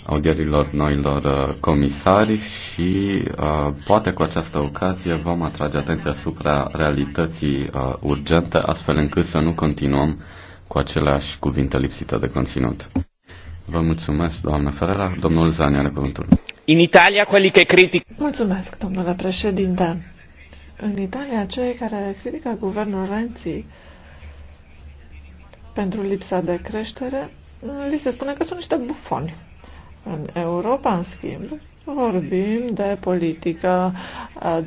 audierilor noilor uh, comisari și uh, poate cu această ocazie vom atrage atenția asupra realității urgente, astfel încât să nu continuăm cu aceleași cuvinte lipsite de conținut. Vă mulțumesc, doamnă Ferrera. Domnul Zani are cuvântul. În Italia, quelli che critic... Mulțumesc, domnule președinte. În Italia, cei care critică guvernul Renzi pentru lipsa de creștere, li se spune că sunt niște bufoni. În Europa, în schimb, vorbim de politică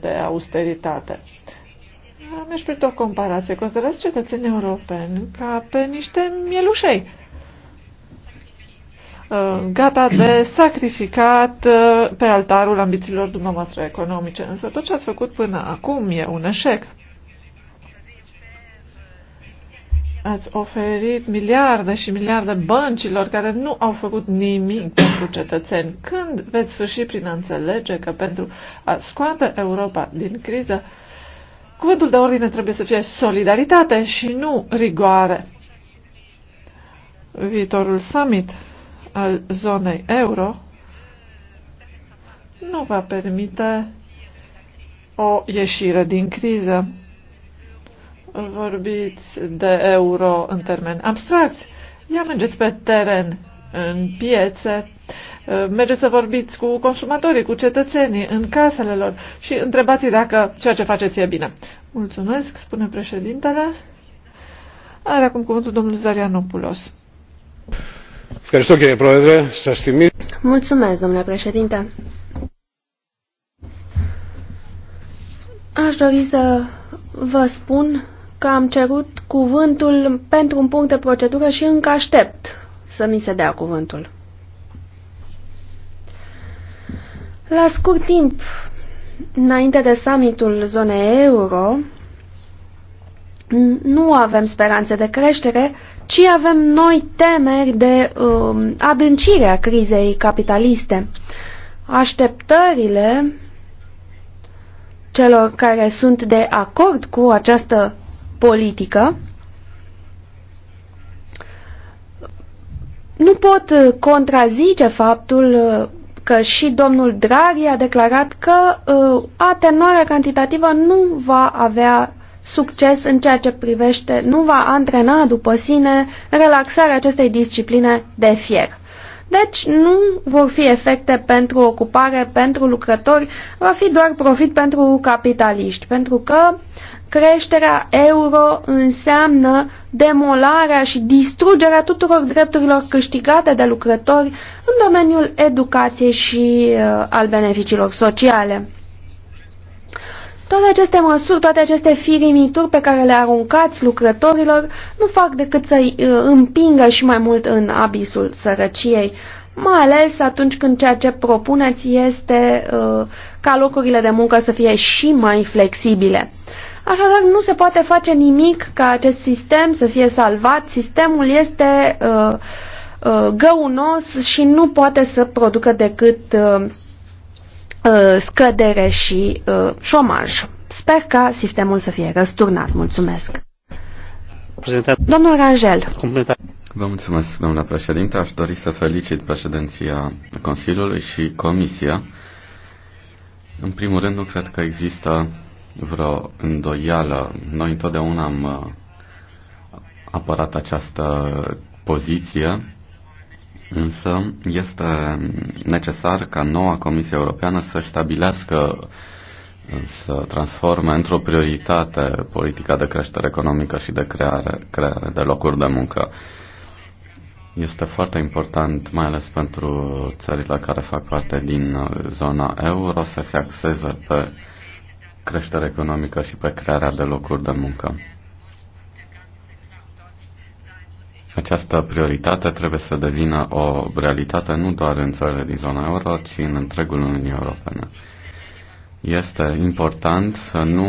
de austeritate. Am ieșit o comparație. Considerați cetățenii europeni ca pe niște mielușei gata de sacrificat pe altarul ambițiilor dumneavoastră economice. Însă tot ce ați făcut până acum e un eșec. Ați oferit miliarde și miliarde băncilor care nu au făcut nimic pentru cetățeni. Când veți sfârși prin a înțelege că pentru a scoate Europa din criză, cuvântul de ordine trebuie să fie solidaritate și nu rigoare. Viitorul summit al zonei euro nu va permite o ieșire din criză vorbiți de euro în termeni abstracți. Ia mergeți pe teren, în piețe, mergeți să vorbiți cu consumatorii, cu cetățenii, în casele lor și întrebați dacă ceea ce faceți e bine. Mulțumesc, spune președintele. Are acum cuvântul domnul Zarianopoulos. Mulțumesc, domnule președinte. Aș dori să vă spun că am cerut cuvântul pentru un punct de procedură și încă aștept să mi se dea cuvântul. La scurt timp, înainte de summitul zonei euro, nu avem speranțe de creștere, ci avem noi temeri de uh, adâncire a crizei capitaliste. Așteptările celor care sunt de acord cu această politică. Nu pot contrazice faptul că și domnul Draghi a declarat că uh, atenuarea cantitativă nu va avea succes în ceea ce privește, nu va antrena după sine relaxarea acestei discipline de fier. Deci nu vor fi efecte pentru ocupare, pentru lucrători, va fi doar profit pentru capitaliști, pentru că creșterea euro înseamnă demolarea și distrugerea tuturor drepturilor câștigate de lucrători în domeniul educației și uh, al beneficiilor sociale. Toate aceste măsuri, toate aceste firimituri pe care le aruncați lucrătorilor nu fac decât să-i uh, împingă și mai mult în abisul sărăciei, mai ales atunci când ceea ce propuneți este uh, ca locurile de muncă să fie și mai flexibile. Așadar, nu se poate face nimic ca acest sistem să fie salvat. Sistemul este uh, găunos și nu poate să producă decât uh, Uh, scădere și uh, șomaj. Sper ca sistemul să fie răsturnat. Mulțumesc. Domnul Rangel. Vă mulțumesc, domnule președinte. Aș dori să felicit președinția Consiliului și Comisia. În primul rând, nu cred că există vreo îndoială. Noi întotdeauna am uh, apărat această poziție Însă este necesar ca noua Comisie Europeană să stabilească, să transforme într-o prioritate politica de creștere economică și de creare, creare de locuri de muncă. Este foarte important, mai ales pentru țările care fac parte din zona euro, să se axeze pe creștere economică și pe crearea de locuri de muncă. Această prioritate trebuie să devină o realitate nu doar în țările din zona euro, ci în întregul Uniunii Europene. Este important să nu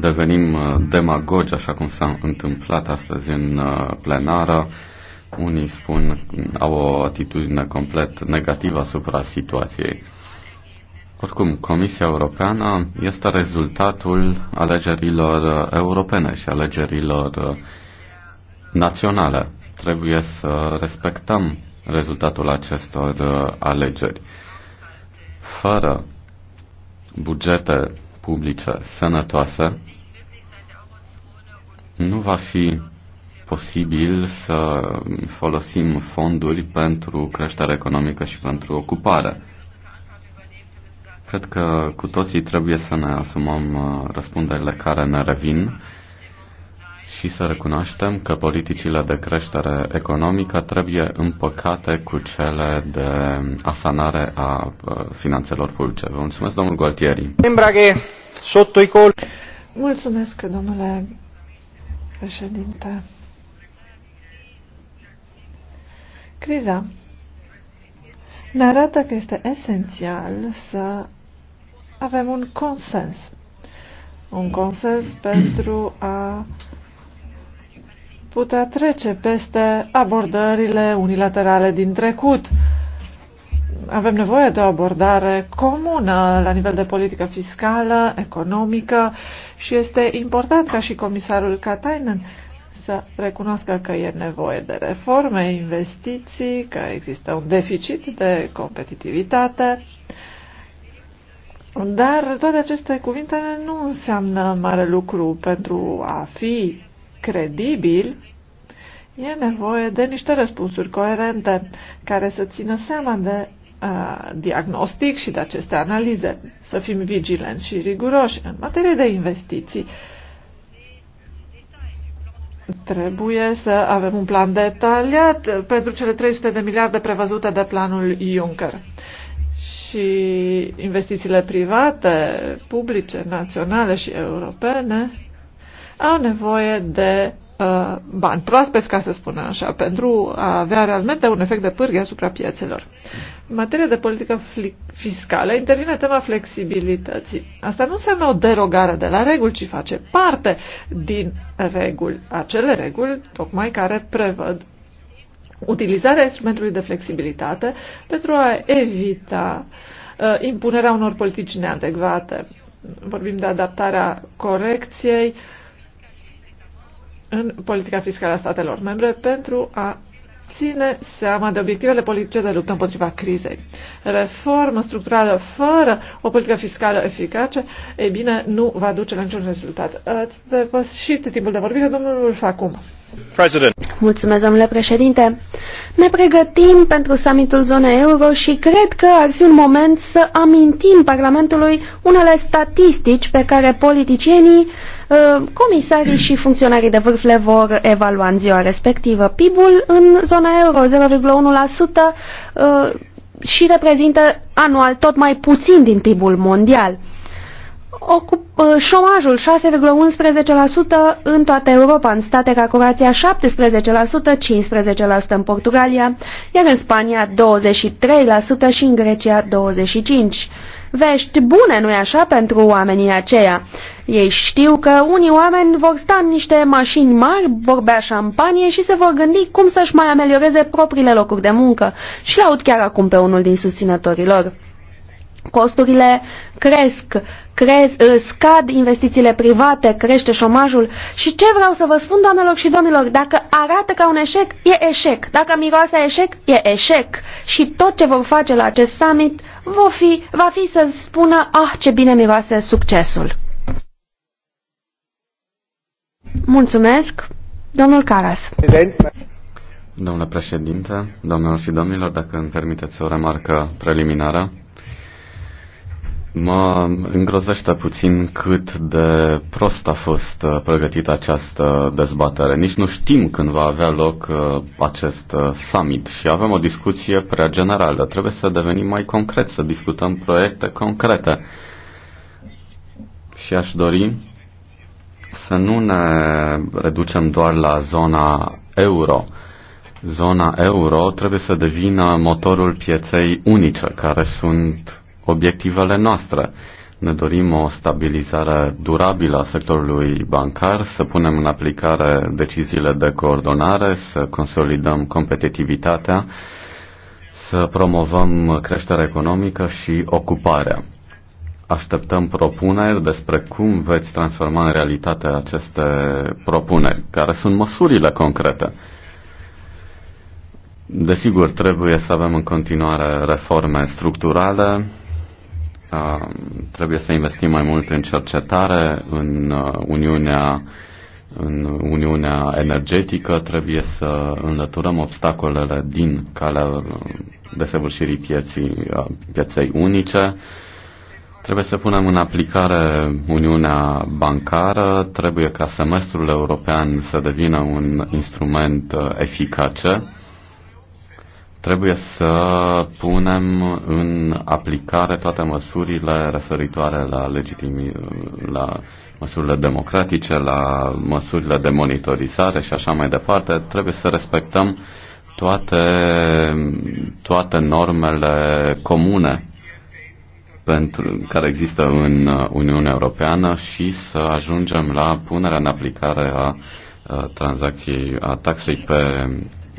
devenim uh, demagogi, așa cum s-a întâmplat astăzi în uh, plenară. Unii spun au o atitudine complet negativă asupra situației. Oricum, Comisia Europeană este rezultatul alegerilor uh, europene și alegerilor naționale trebuie să respectăm rezultatul acestor uh, alegeri. Fără bugete publice sănătoase, nu va fi posibil să folosim fonduri pentru creștere economică și pentru ocupare. Cred că cu toții trebuie să ne asumăm uh, răspunderile care ne revin și să recunoaștem că politicile de creștere economică trebuie împăcate cu cele de asanare a uh, finanțelor publice. Vă mulțumesc, domnul Gualtieri. Mulțumesc, domnule președinte. Criza ne arată că este esențial să avem un consens. Un consens pentru a putea trece peste abordările unilaterale din trecut. Avem nevoie de o abordare comună la nivel de politică fiscală, economică și este important ca și comisarul Katainen să recunoască că e nevoie de reforme, investiții, că există un deficit de competitivitate. Dar toate aceste cuvinte nu înseamnă mare lucru pentru a fi credibil, e nevoie de niște răspunsuri coerente care să țină seama de uh, diagnostic și de aceste analize. Să fim vigilenți și riguroși în materie de investiții. Trebuie să avem un plan detaliat pentru cele 300 de miliarde prevăzute de planul Juncker. Și investițiile private, publice, naționale și europene au nevoie de uh, bani proaspeți, ca să spună așa, pentru a avea realmente un efect de pârghie asupra piețelor. În materie de politică fiscală intervine tema flexibilității. Asta nu înseamnă o derogare de la reguli, ci face parte din reguli, acele reguli tocmai care prevăd utilizarea instrumentului de flexibilitate pentru a evita uh, impunerea unor politici neadecvate. Vorbim de adaptarea corecției, uh, în politica fiscală a statelor membre pentru a ține seama de obiectivele politice de luptă împotriva crizei. Reformă structurală fără o politică fiscală eficace, ei bine, nu va duce la niciun rezultat. Ați depășit timpul de vorbire, domnul acum. President. Mulțumesc, domnule președinte. Ne pregătim pentru summitul zonei euro și cred că ar fi un moment să amintim Parlamentului unele statistici pe care politicienii Uh, comisarii și funcționarii de vârf le vor evalua în ziua respectivă. PIB-ul în zona euro 0,1% uh, și reprezintă anual tot mai puțin din PIB-ul mondial. Ocup, uh, șomajul 6,11% în toată Europa, în state ca Croația 17%, 15% în Portugalia, iar în Spania 23% și în Grecia 25% vești bune, nu-i așa, pentru oamenii aceia. Ei știu că unii oameni vor sta în niște mașini mari, vor bea șampanie și se vor gândi cum să-și mai amelioreze propriile locuri de muncă. Și l-aud chiar acum pe unul din susținătorii lor costurile cresc, cresc, uh, scad investițiile private, crește șomajul și ce vreau să vă spun, doamnelor și domnilor, dacă arată ca un eșec, e eșec. Dacă miroase eșec, e eșec. Și tot ce vor face la acest summit va fi, va fi să spună, ah, ce bine miroase succesul. Mulțumesc, domnul Caras. Domnule președinte, domnilor și domnilor, dacă îmi permiteți o remarcă preliminară, Mă îngrozește puțin cât de prost a fost uh, pregătită această dezbatere. Nici nu știm când va avea loc uh, acest uh, summit și avem o discuție prea generală. Trebuie să devenim mai concret, să discutăm proiecte concrete. Și aș dori să nu ne reducem doar la zona euro zona euro trebuie să devină motorul pieței unice, care sunt obiectivele noastre. Ne dorim o stabilizare durabilă a sectorului bancar, să punem în aplicare deciziile de coordonare, să consolidăm competitivitatea, să promovăm creșterea economică și ocuparea. Așteptăm propuneri despre cum veți transforma în realitate aceste propuneri, care sunt măsurile concrete. Desigur, trebuie să avem în continuare reforme structurale, trebuie să investim mai mult în cercetare, în uh, Uniunea în Uniunea Energetică trebuie să înlăturăm obstacolele din calea uh, desăvârșirii pieții, uh, pieței unice. Trebuie să punem în aplicare Uniunea Bancară, trebuie ca semestrul european să devină un instrument eficace Trebuie să punem în aplicare toate măsurile referitoare la, legitimi, la măsurile democratice, la măsurile de monitorizare și așa mai departe. Trebuie să respectăm toate, toate normele comune pentru, care există în Uniunea Europeană și să ajungem la punerea în aplicare a tranzacției, a taxei pe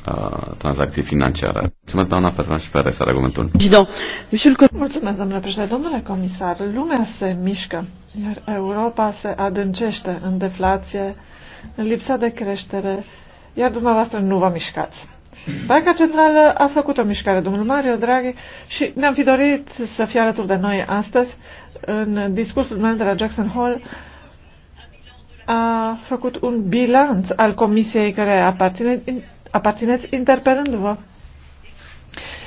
uh, tranzacții financiare. Mulțumesc, doamna Pervan și Perez, are Mulțumesc, domnule președinte. Domnule comisar, lumea se mișcă, iar Europa se adâncește în deflație, în lipsa de creștere, iar dumneavoastră nu vă mișcați. Banca Centrală a făcut o mișcare, domnul Mario Draghi, și ne-am fi dorit să fie alături de noi astăzi. În discursul meu de la Jackson Hall a făcut un bilanț al comisiei care aparține aparțineți interpelându-vă.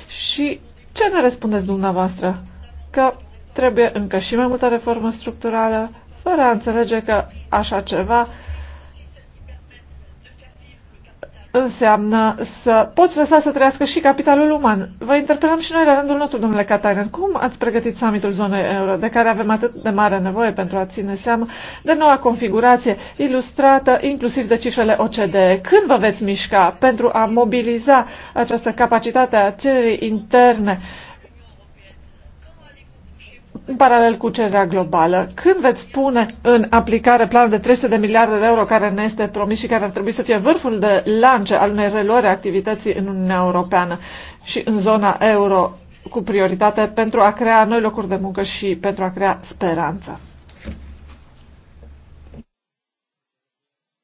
Și ce ne răspundeți dumneavoastră? Că trebuie încă și mai multă reformă structurală, fără a înțelege că așa ceva înseamnă să poți lăsa să trăiască și capitalul uman. Vă interpelăm și noi la rândul nostru, domnule Katainen. Cum ați pregătit summitul zonei euro, de care avem atât de mare nevoie pentru a ține seama de noua configurație ilustrată inclusiv de cifrele OCDE? Când vă veți mișca pentru a mobiliza această capacitate a cererii interne uh, în paralel cu cererea globală. Când veți pune în aplicare planul de 300 de miliarde de euro care ne este promis și care ar trebui să fie vârful de lance al unei reluări activității în Uniunea Europeană și în zona euro cu prioritate pentru a crea noi locuri de muncă și pentru a crea speranță?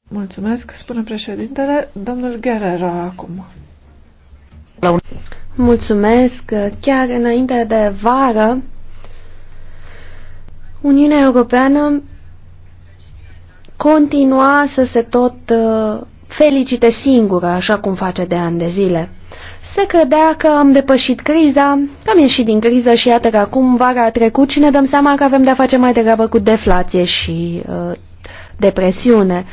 Mulțumesc, spune președintele. Domnul Guerrero acum. Mulțumesc. Chiar înainte de vară, Uniunea Europeană continua să se tot uh, felicite singură, așa cum face de ani de zile. Se credea că am depășit criza, că am ieșit din criză și iată că acum vara a trecut și ne dăm seama că avem de-a face mai degrabă cu deflație și uh, depresiune.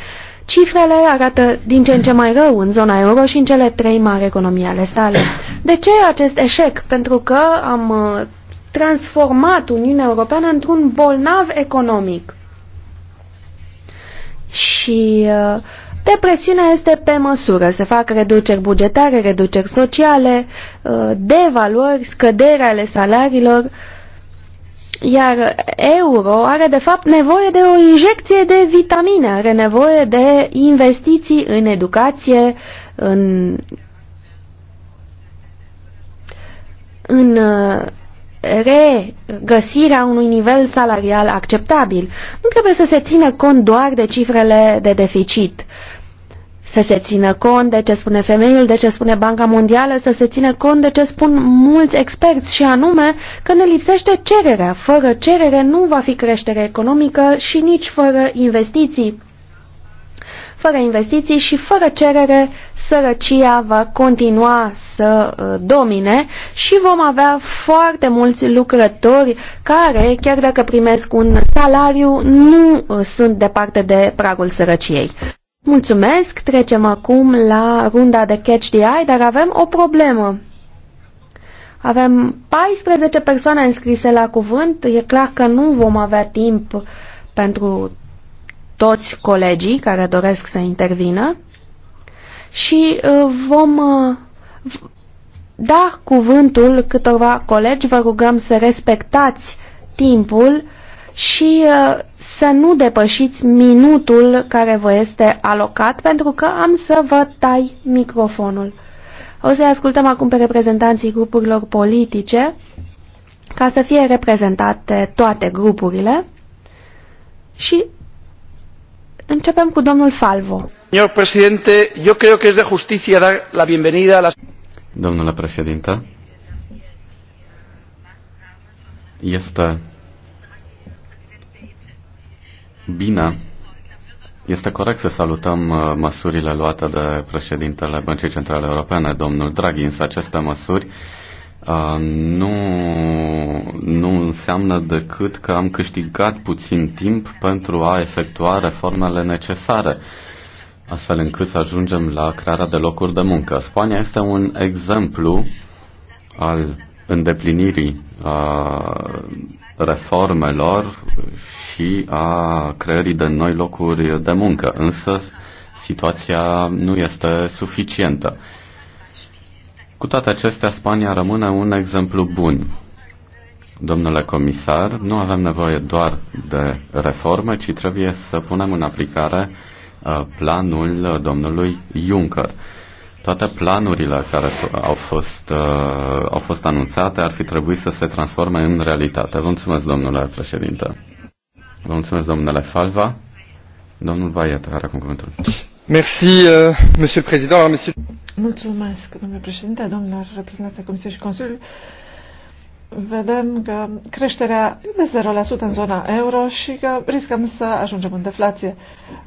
Cifrele arată din ce în ce mai rău în zona euro și în cele trei mari economii ale sale. De ce acest eșec? Pentru că am uh, transformat Uniunea Europeană într-un bolnav economic. Și uh, Depresiunea este pe măsură. Se fac reduceri bugetare, reduceri sociale, uh, devaluări, scăderi ale salariilor, iar euro are de fapt nevoie de o injecție de vitamine, are nevoie de investiții în educație, în, în uh, regăsirea unui nivel salarial acceptabil. Nu trebuie să se țină cont doar de cifrele de deficit. Să se țină cont de ce spune femeiul, de ce spune Banca Mondială, să se țină cont de ce spun mulți experți și anume că ne lipsește cererea. Fără cerere nu va fi creștere economică și nici fără investiții. Fără investiții și fără cerere, sărăcia va continua să uh, domine și vom avea foarte mulți lucrători care, chiar dacă primesc un salariu, nu uh, sunt departe de pragul sărăciei. Mulțumesc, trecem acum la runda de Catch the Eye, dar avem o problemă. Avem 14 persoane înscrise la cuvânt, e clar că nu vom avea timp pentru toți colegii care doresc să intervină și uh, vom uh, da cuvântul câtorva colegi. Vă rugăm să respectați timpul și uh, să nu depășiți minutul care vă este alocat, pentru că am să vă tai microfonul. O să-i ascultăm acum pe reprezentanții grupurilor politice, ca să fie reprezentate toate grupurile și Începem cu domnul Falvo. Señor presidente, yo creo que es de justicia dar la bienvenida a la... Domnule președinte, este bine, este corect să salutăm uh, măsurile luate de președintele Băncii Centrale Europene, domnul Draghi, însă aceste măsuri nu, nu înseamnă decât că am câștigat puțin timp pentru a efectua reformele necesare, astfel încât să ajungem la crearea de locuri de muncă. Spania este un exemplu al îndeplinirii a reformelor și a creării de noi locuri de muncă, însă situația nu este suficientă. Cu toate acestea, Spania rămâne un exemplu bun. Domnule comisar, nu avem nevoie doar de reforme, ci trebuie să punem în aplicare uh, planul domnului Juncker. Toate planurile care au fost, uh, au fost anunțate ar fi trebuit să se transforme în realitate. Vă mulțumesc, domnule președinte. Vă mulțumesc, domnule Falva. Domnul Baiet are acum cuvântul. Euh, Mulțumesc, domnule președinte, domnilor ai Comisiei și Consiliului. Vedem că creșterea e de sută în zona euro și că riscăm să ajungem în deflație.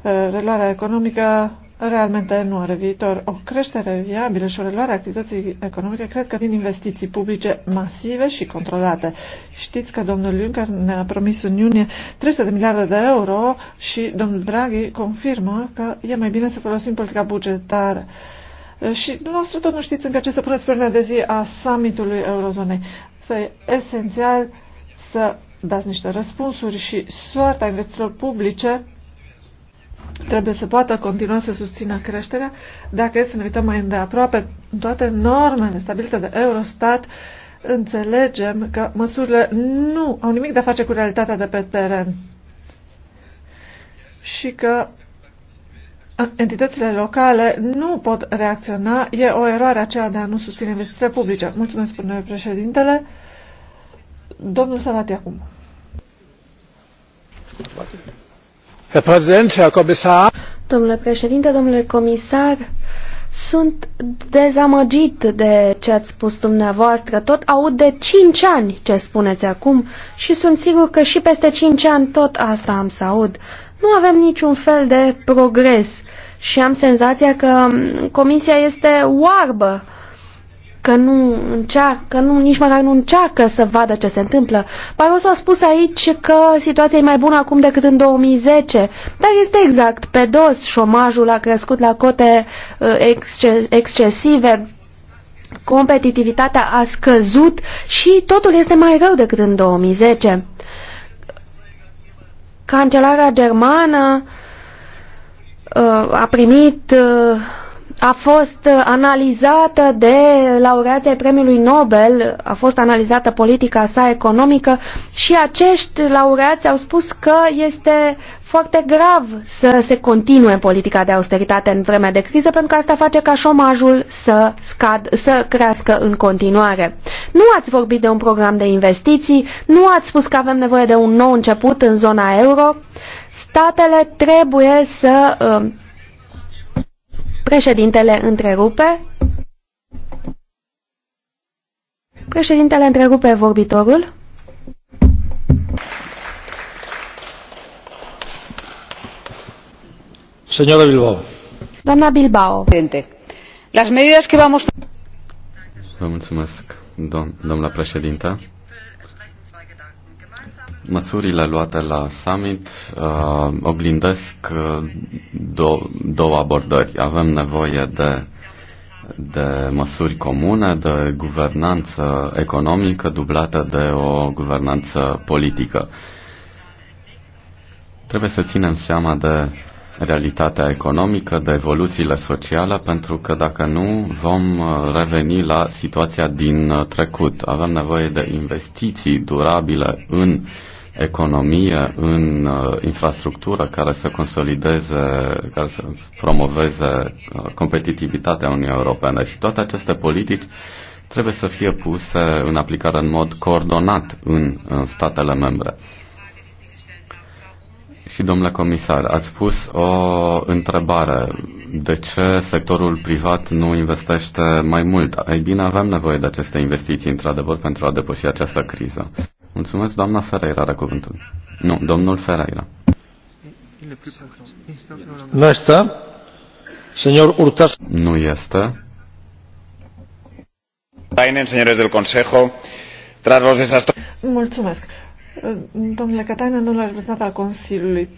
Uh, reluarea economică realmente nu are viitor. O creștere viabilă și o reluare a activității economice cred că din investiții publice masive și controlate. Știți că domnul Juncker ne-a promis în iunie 300 de miliarde de euro și domnul Draghi confirmă că e mai bine să folosim politica bugetară. Și dumneavoastră tot nu știți încă ce să puneți pe de zi a summitului eurozonei. Să e esențial să dați niște răspunsuri și soarta investițiilor publice trebuie să poată continua să susțină creșterea. Dacă e să ne uităm mai îndeaproape, în toate normele stabilite de Eurostat, înțelegem că măsurile nu au nimic de a face cu realitatea de pe teren și că entitățile locale nu pot reacționa. E o eroare aceea de a nu susține investițiile publice. Mulțumesc, spune președintele. Domnul Savati acum. Scuze, Domnule președinte, domnule comisar, sunt dezamăgit de ce ați spus dumneavoastră. Tot aud de 5 ani ce spuneți acum și sunt sigur că și peste 5 ani tot asta am să aud. Nu avem niciun fel de progres și am senzația că mm, comisia este oarbă că nu încearcă, nu, nici măcar nu încearcă să vadă ce se întâmplă. Barroso a spus aici că situația e mai bună acum decât în 2010, dar este exact pe dos. Șomajul a crescut la cote uh, excesive, competitivitatea a scăzut și totul este mai rău decât în 2010. Cancelarea germană uh, a primit uh, a fost uh, analizată de laureații premiului Nobel, a fost analizată politica sa economică și acești laureați au spus că este foarte grav să se continue politica de austeritate în vremea de criză, pentru că asta face ca șomajul să, scad, să crească în continuare. Nu ați vorbit de un program de investiții, nu ați spus că avem nevoie de un nou început în zona euro. Statele trebuie să uh, Președintele întrerupe. Președintele întrerupe vorbitorul. Señora Bilbao. Doamna Bilbao. Las medidas que vamos... Vă mulțumesc, dom domnul președinte. Măsurile luate la summit uh, oglindesc uh, do- două abordări. Avem nevoie de, de măsuri comune, de guvernanță economică dublată de o guvernanță politică. Trebuie să ținem seama de realitatea economică, de evoluțiile sociale, pentru că dacă nu, vom uh, reveni la situația din uh, trecut. Avem nevoie de investiții durabile în uh, economie, în uh, infrastructură care să consolideze, care să promoveze uh, competitivitatea Uniunii Europene și toate aceste politici trebuie să fie puse în aplicare în mod coordonat în, în statele membre. Și domnule comisar, ați pus o întrebare. De ce sectorul privat nu investește mai mult? Ei bine, avem nevoie de aceste investiții, într-adevăr, pentru a depăși această criză. Mulțumesc, doamna Ferreira, de cuvântul. Nu, domnul Ferreira. Nu este. Señor Urtas. Nu este. Tainen, señores del Consejo, tras los desastres... Mulțumesc. Domnule Catainen, nu l aș al Consiliului.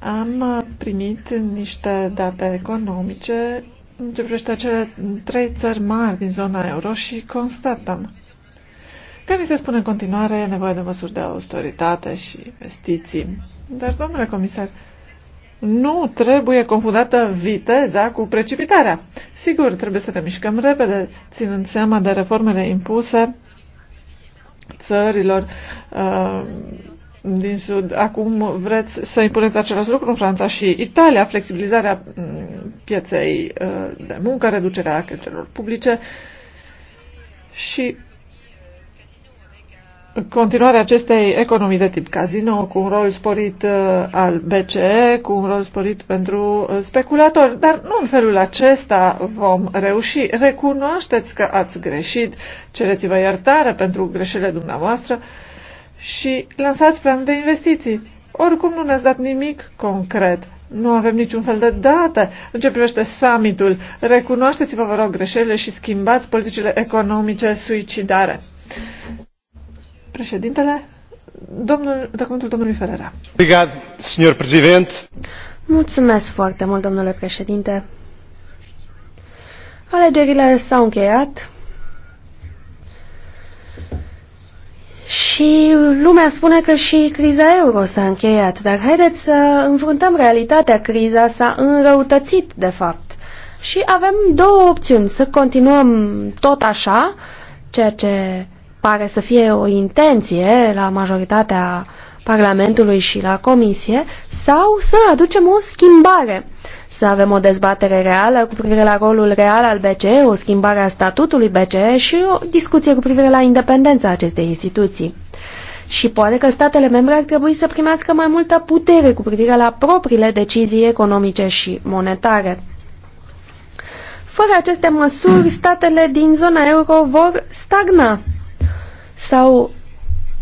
Am primit niște date economice în ce privește acele trei țări mari din zona euro și constatăm Că ni se spune în continuare e nevoie de măsuri de austeritate și investiții. Dar, domnule comisar, nu trebuie confundată viteza cu precipitarea. Sigur, trebuie să ne mișcăm repede, ținând seama de reformele impuse țărilor uh, din Sud. Acum vreți să impuneți același lucru în Franța și Italia, flexibilizarea mm, pieței uh, de muncă, reducerea cheltuielor publice și continuarea acestei economii de tip casino cu un rol sporit uh, al BCE, cu un rol sporit pentru uh, speculatori. Dar nu în felul acesta vom reuși. Recunoașteți că ați greșit, cereți-vă iertare pentru greșelile dumneavoastră și lansați plan de investiții. Oricum nu ne-ați dat nimic concret. Nu avem niciun fel de date în ce privește summitul. Recunoașteți-vă, vă rog, greșelile și schimbați politicile economice suicidare. Președintele, domnul, documentul domnului Ferrera. Obrigat, senhor prezident. Mulțumesc foarte mult, domnule președinte. Alegerile s-au încheiat și lumea spune că și criza euro s-a încheiat, dar haideți să înfruntăm realitatea. Criza s-a înrăutățit, de fapt. Și avem două opțiuni, să continuăm tot așa, ceea ce pare să fie o intenție la majoritatea Parlamentului și la Comisie, sau să aducem o schimbare, să avem o dezbatere reală cu privire la rolul real al BCE, o schimbare a statutului BCE și o discuție cu privire la independența acestei instituții. Și poate că statele membre ar trebui să primească mai multă putere cu privire la propriile decizii economice și monetare. Fără aceste măsuri, statele din zona euro vor stagna sau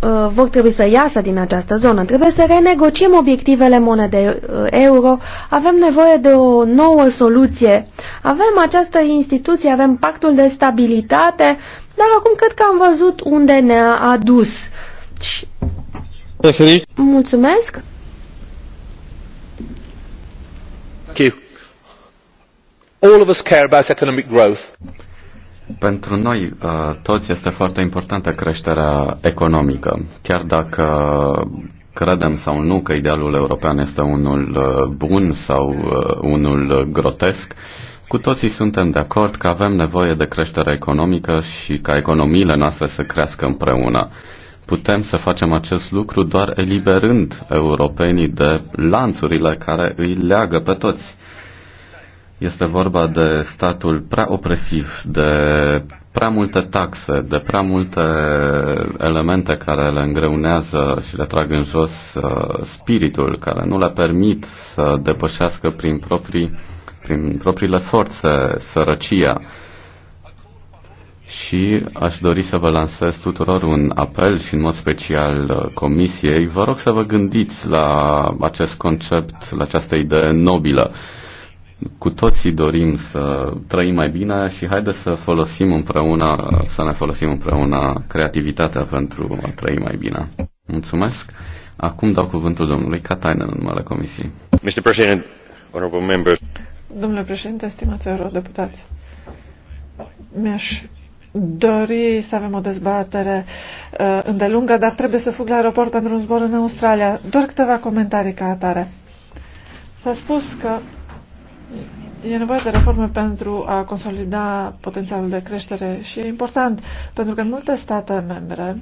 uh, vor trebui să iasă din această zonă. Trebuie să renegociem obiectivele monedei uh, euro, avem nevoie de o nouă soluție. Avem această instituție, avem pactul de stabilitate, dar acum cred că am văzut unde ne-a adus. Și... Mulțumesc. Thank you. All of us care about economic growth. Pentru noi uh, toți este foarte importantă creșterea economică, chiar dacă credem sau nu că idealul european este unul uh, bun sau uh, unul grotesc. Cu toții suntem de acord că avem nevoie de creștere economică și ca economiile noastre să crească împreună. Putem să facem acest lucru doar eliberând europenii de lanțurile care îi leagă pe toți. Este vorba de statul prea opresiv, de prea multe taxe, de prea multe elemente care le îngreunează și le trag în jos uh, spiritul, care nu le permit să depășească prin, proprii, prin propriile forțe sărăcia. Și aș dori să vă lansez tuturor un apel și în mod special uh, comisiei. Vă rog să vă gândiți la acest concept, la această idee nobilă cu toții dorim să trăim mai bine și haide să folosim împreună, să ne folosim împreună creativitatea pentru a trăi mai bine. Mulțumesc. Acum dau cuvântul domnului Catainen în numele Comisiei. Mr. President, honorable members. Domnule președinte, stimați eurodeputați, mi-aș dori să avem o dezbatere uh, îndelungă, dar trebuie să fug la aeroport pentru un zbor în Australia. Doar câteva comentarii ca atare. S-a spus că E nevoie de reforme pentru a consolida potențialul de creștere și e important pentru că în multe state membre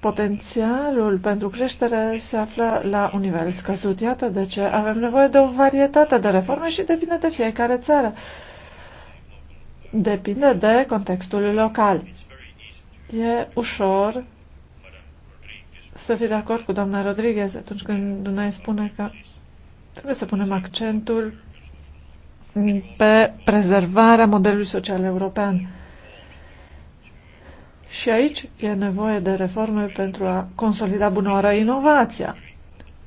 potențialul pentru creștere se află la un nivel scăzut. Iată de ce avem nevoie de o varietate de reforme și depinde de fiecare țară. Depinde de contextul local. E ușor să fii de acord cu doamna Rodriguez atunci când Dunai spune că trebuie să punem accentul pe prezervarea modelului social european. Și aici e nevoie de reforme pentru a consolida bunoară inovația.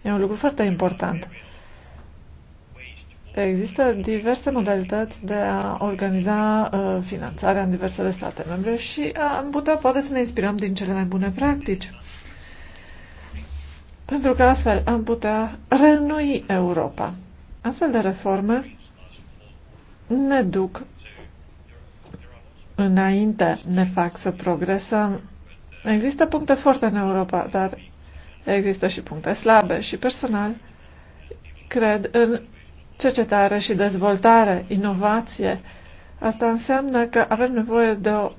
E un lucru foarte important. Există diverse modalități de a organiza uh, finanțarea în diversele state membre și uh, am putea poate să ne inspirăm din cele mai bune practici. Pentru că astfel am putea renui Europa. Astfel de reforme ne duc înainte, ne fac să progresăm. Există puncte forte în Europa, dar există și puncte slabe și personal cred în cercetare și dezvoltare, inovație. Asta înseamnă că avem nevoie de o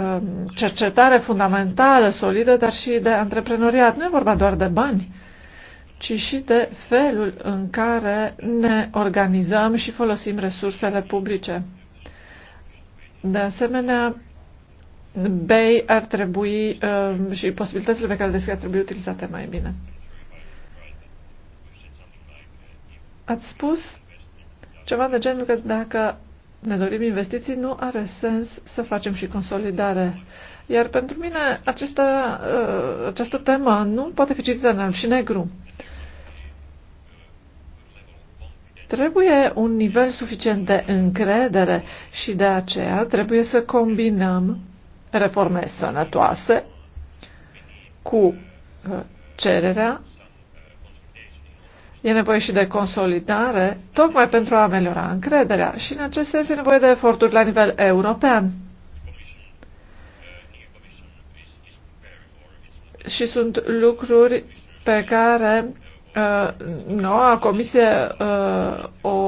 um, cercetare fundamentală, solidă, dar și de antreprenoriat. Nu e vorba doar de bani ci și de felul în care ne organizăm și folosim resursele publice. De asemenea, BEI ar trebui uh, și posibilitățile pe care le ar trebui utilizate mai bine. Ați spus ceva de genul că dacă ne dorim investiții, nu are sens să facem și consolidare. Iar pentru mine această, uh, această temă nu poate fi citită în alb și negru. Trebuie un nivel suficient de încredere și de aceea trebuie să combinăm reforme sănătoase cu uh, cererea. E nevoie și de consolidare, tocmai pentru a ameliora încrederea și în acest sens e nevoie de eforturi la nivel european. Și sunt lucruri pe care Uh, noua comisie uh, o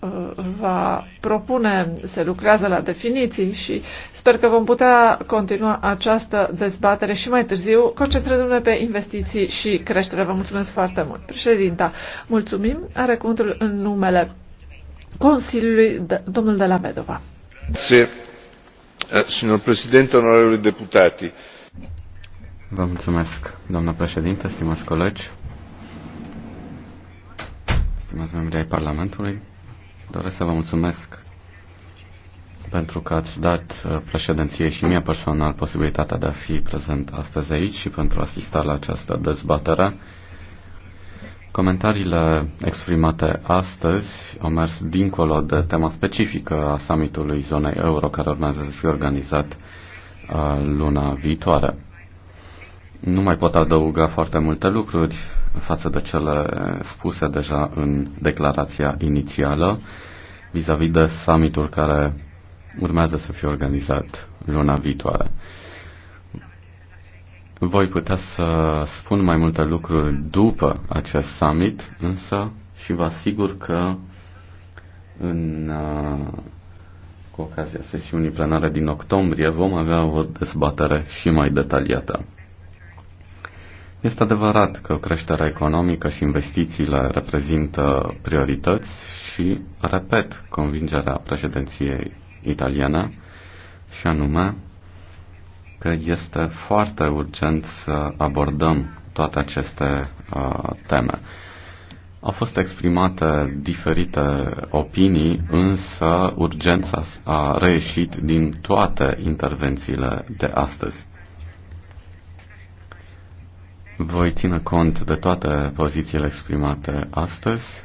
uh, va propune, se lucrează la definiții și sper că vom putea continua această dezbatere și mai târziu, concentrându-ne pe investiții și creștere. Vă mulțumesc foarte mult. Președinta, mulțumim. Are cuvântul în numele Consiliului, domnul de la Medova. Se, eh, signor Presidente, onorevoli deputati. Vă mulțumesc, doamnă președinte, stimați colegi stimați membri ai Parlamentului, doresc să vă mulțumesc pentru că ați dat uh, președinției și mie personal posibilitatea de a fi prezent astăzi aici și pentru a asista la această dezbatere. Comentariile exprimate astăzi au mers dincolo de tema specifică a summitului zonei euro care urmează să fie organizat uh, luna viitoare. Nu mai pot adăuga foarte multe lucruri față de cele spuse deja în declarația inițială vis-a-vis -vis de summitul care urmează să fie organizat luna viitoare. Voi putea să spun mai multe lucruri după acest summit, însă și vă asigur că în, uh, cu ocazia sesiunii plenare din octombrie vom avea o dezbatere și mai detaliată. Este adevărat că creșterea economică și investițiile reprezintă priorități și, repet, convingerea președinției italiene și anume că este foarte urgent să abordăm toate aceste uh, teme. Au fost exprimate diferite opinii, însă urgența a reieșit din toate intervențiile de astăzi. Voi ține cont de toate pozițiile exprimate astăzi,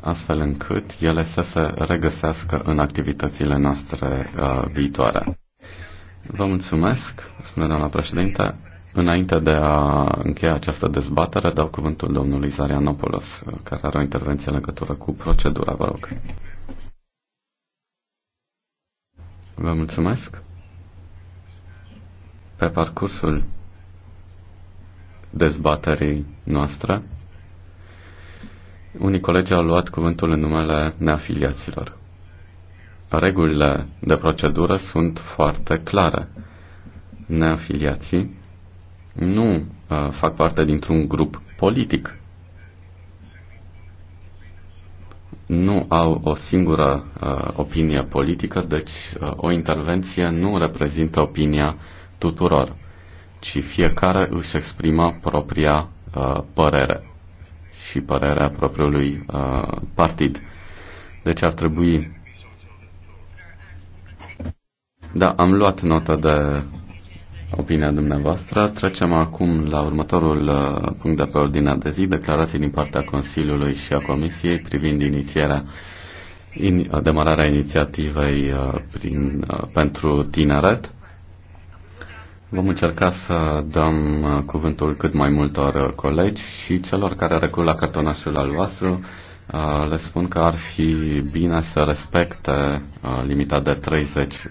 astfel încât ele să se regăsească în activitățile noastre uh, viitoare. Vă mulțumesc, spune doamna președinte. Înainte de a încheia această dezbatere, dau cuvântul domnului Zarianopoulos, uh, care are o intervenție în legătură cu procedura, vă rog. Vă mulțumesc. Pe parcursul dezbaterii noastre, unii colegi au luat cuvântul în numele neafiliaților. Regulile de procedură sunt foarte clare. Neafiliații nu uh, fac parte dintr-un grup politic. Nu au o singură uh, opinie politică, deci uh, o intervenție nu reprezintă opinia tuturor, ci fiecare își exprimă propria uh, părere și părerea propriului uh, partid. Deci ar trebui. Da, am luat notă de opinia dumneavoastră. Trecem acum la următorul uh, punct de pe ordinea de zi, declarații din partea Consiliului și a Comisiei privind inițierea in, demararea inițiativei uh, prin, uh, pentru tineret. Vom încerca să dăm uh, cuvântul cât mai multor uh, colegi și celor care recul la cartonașul al vostru uh, le spun că ar fi bine să respecte limita de 30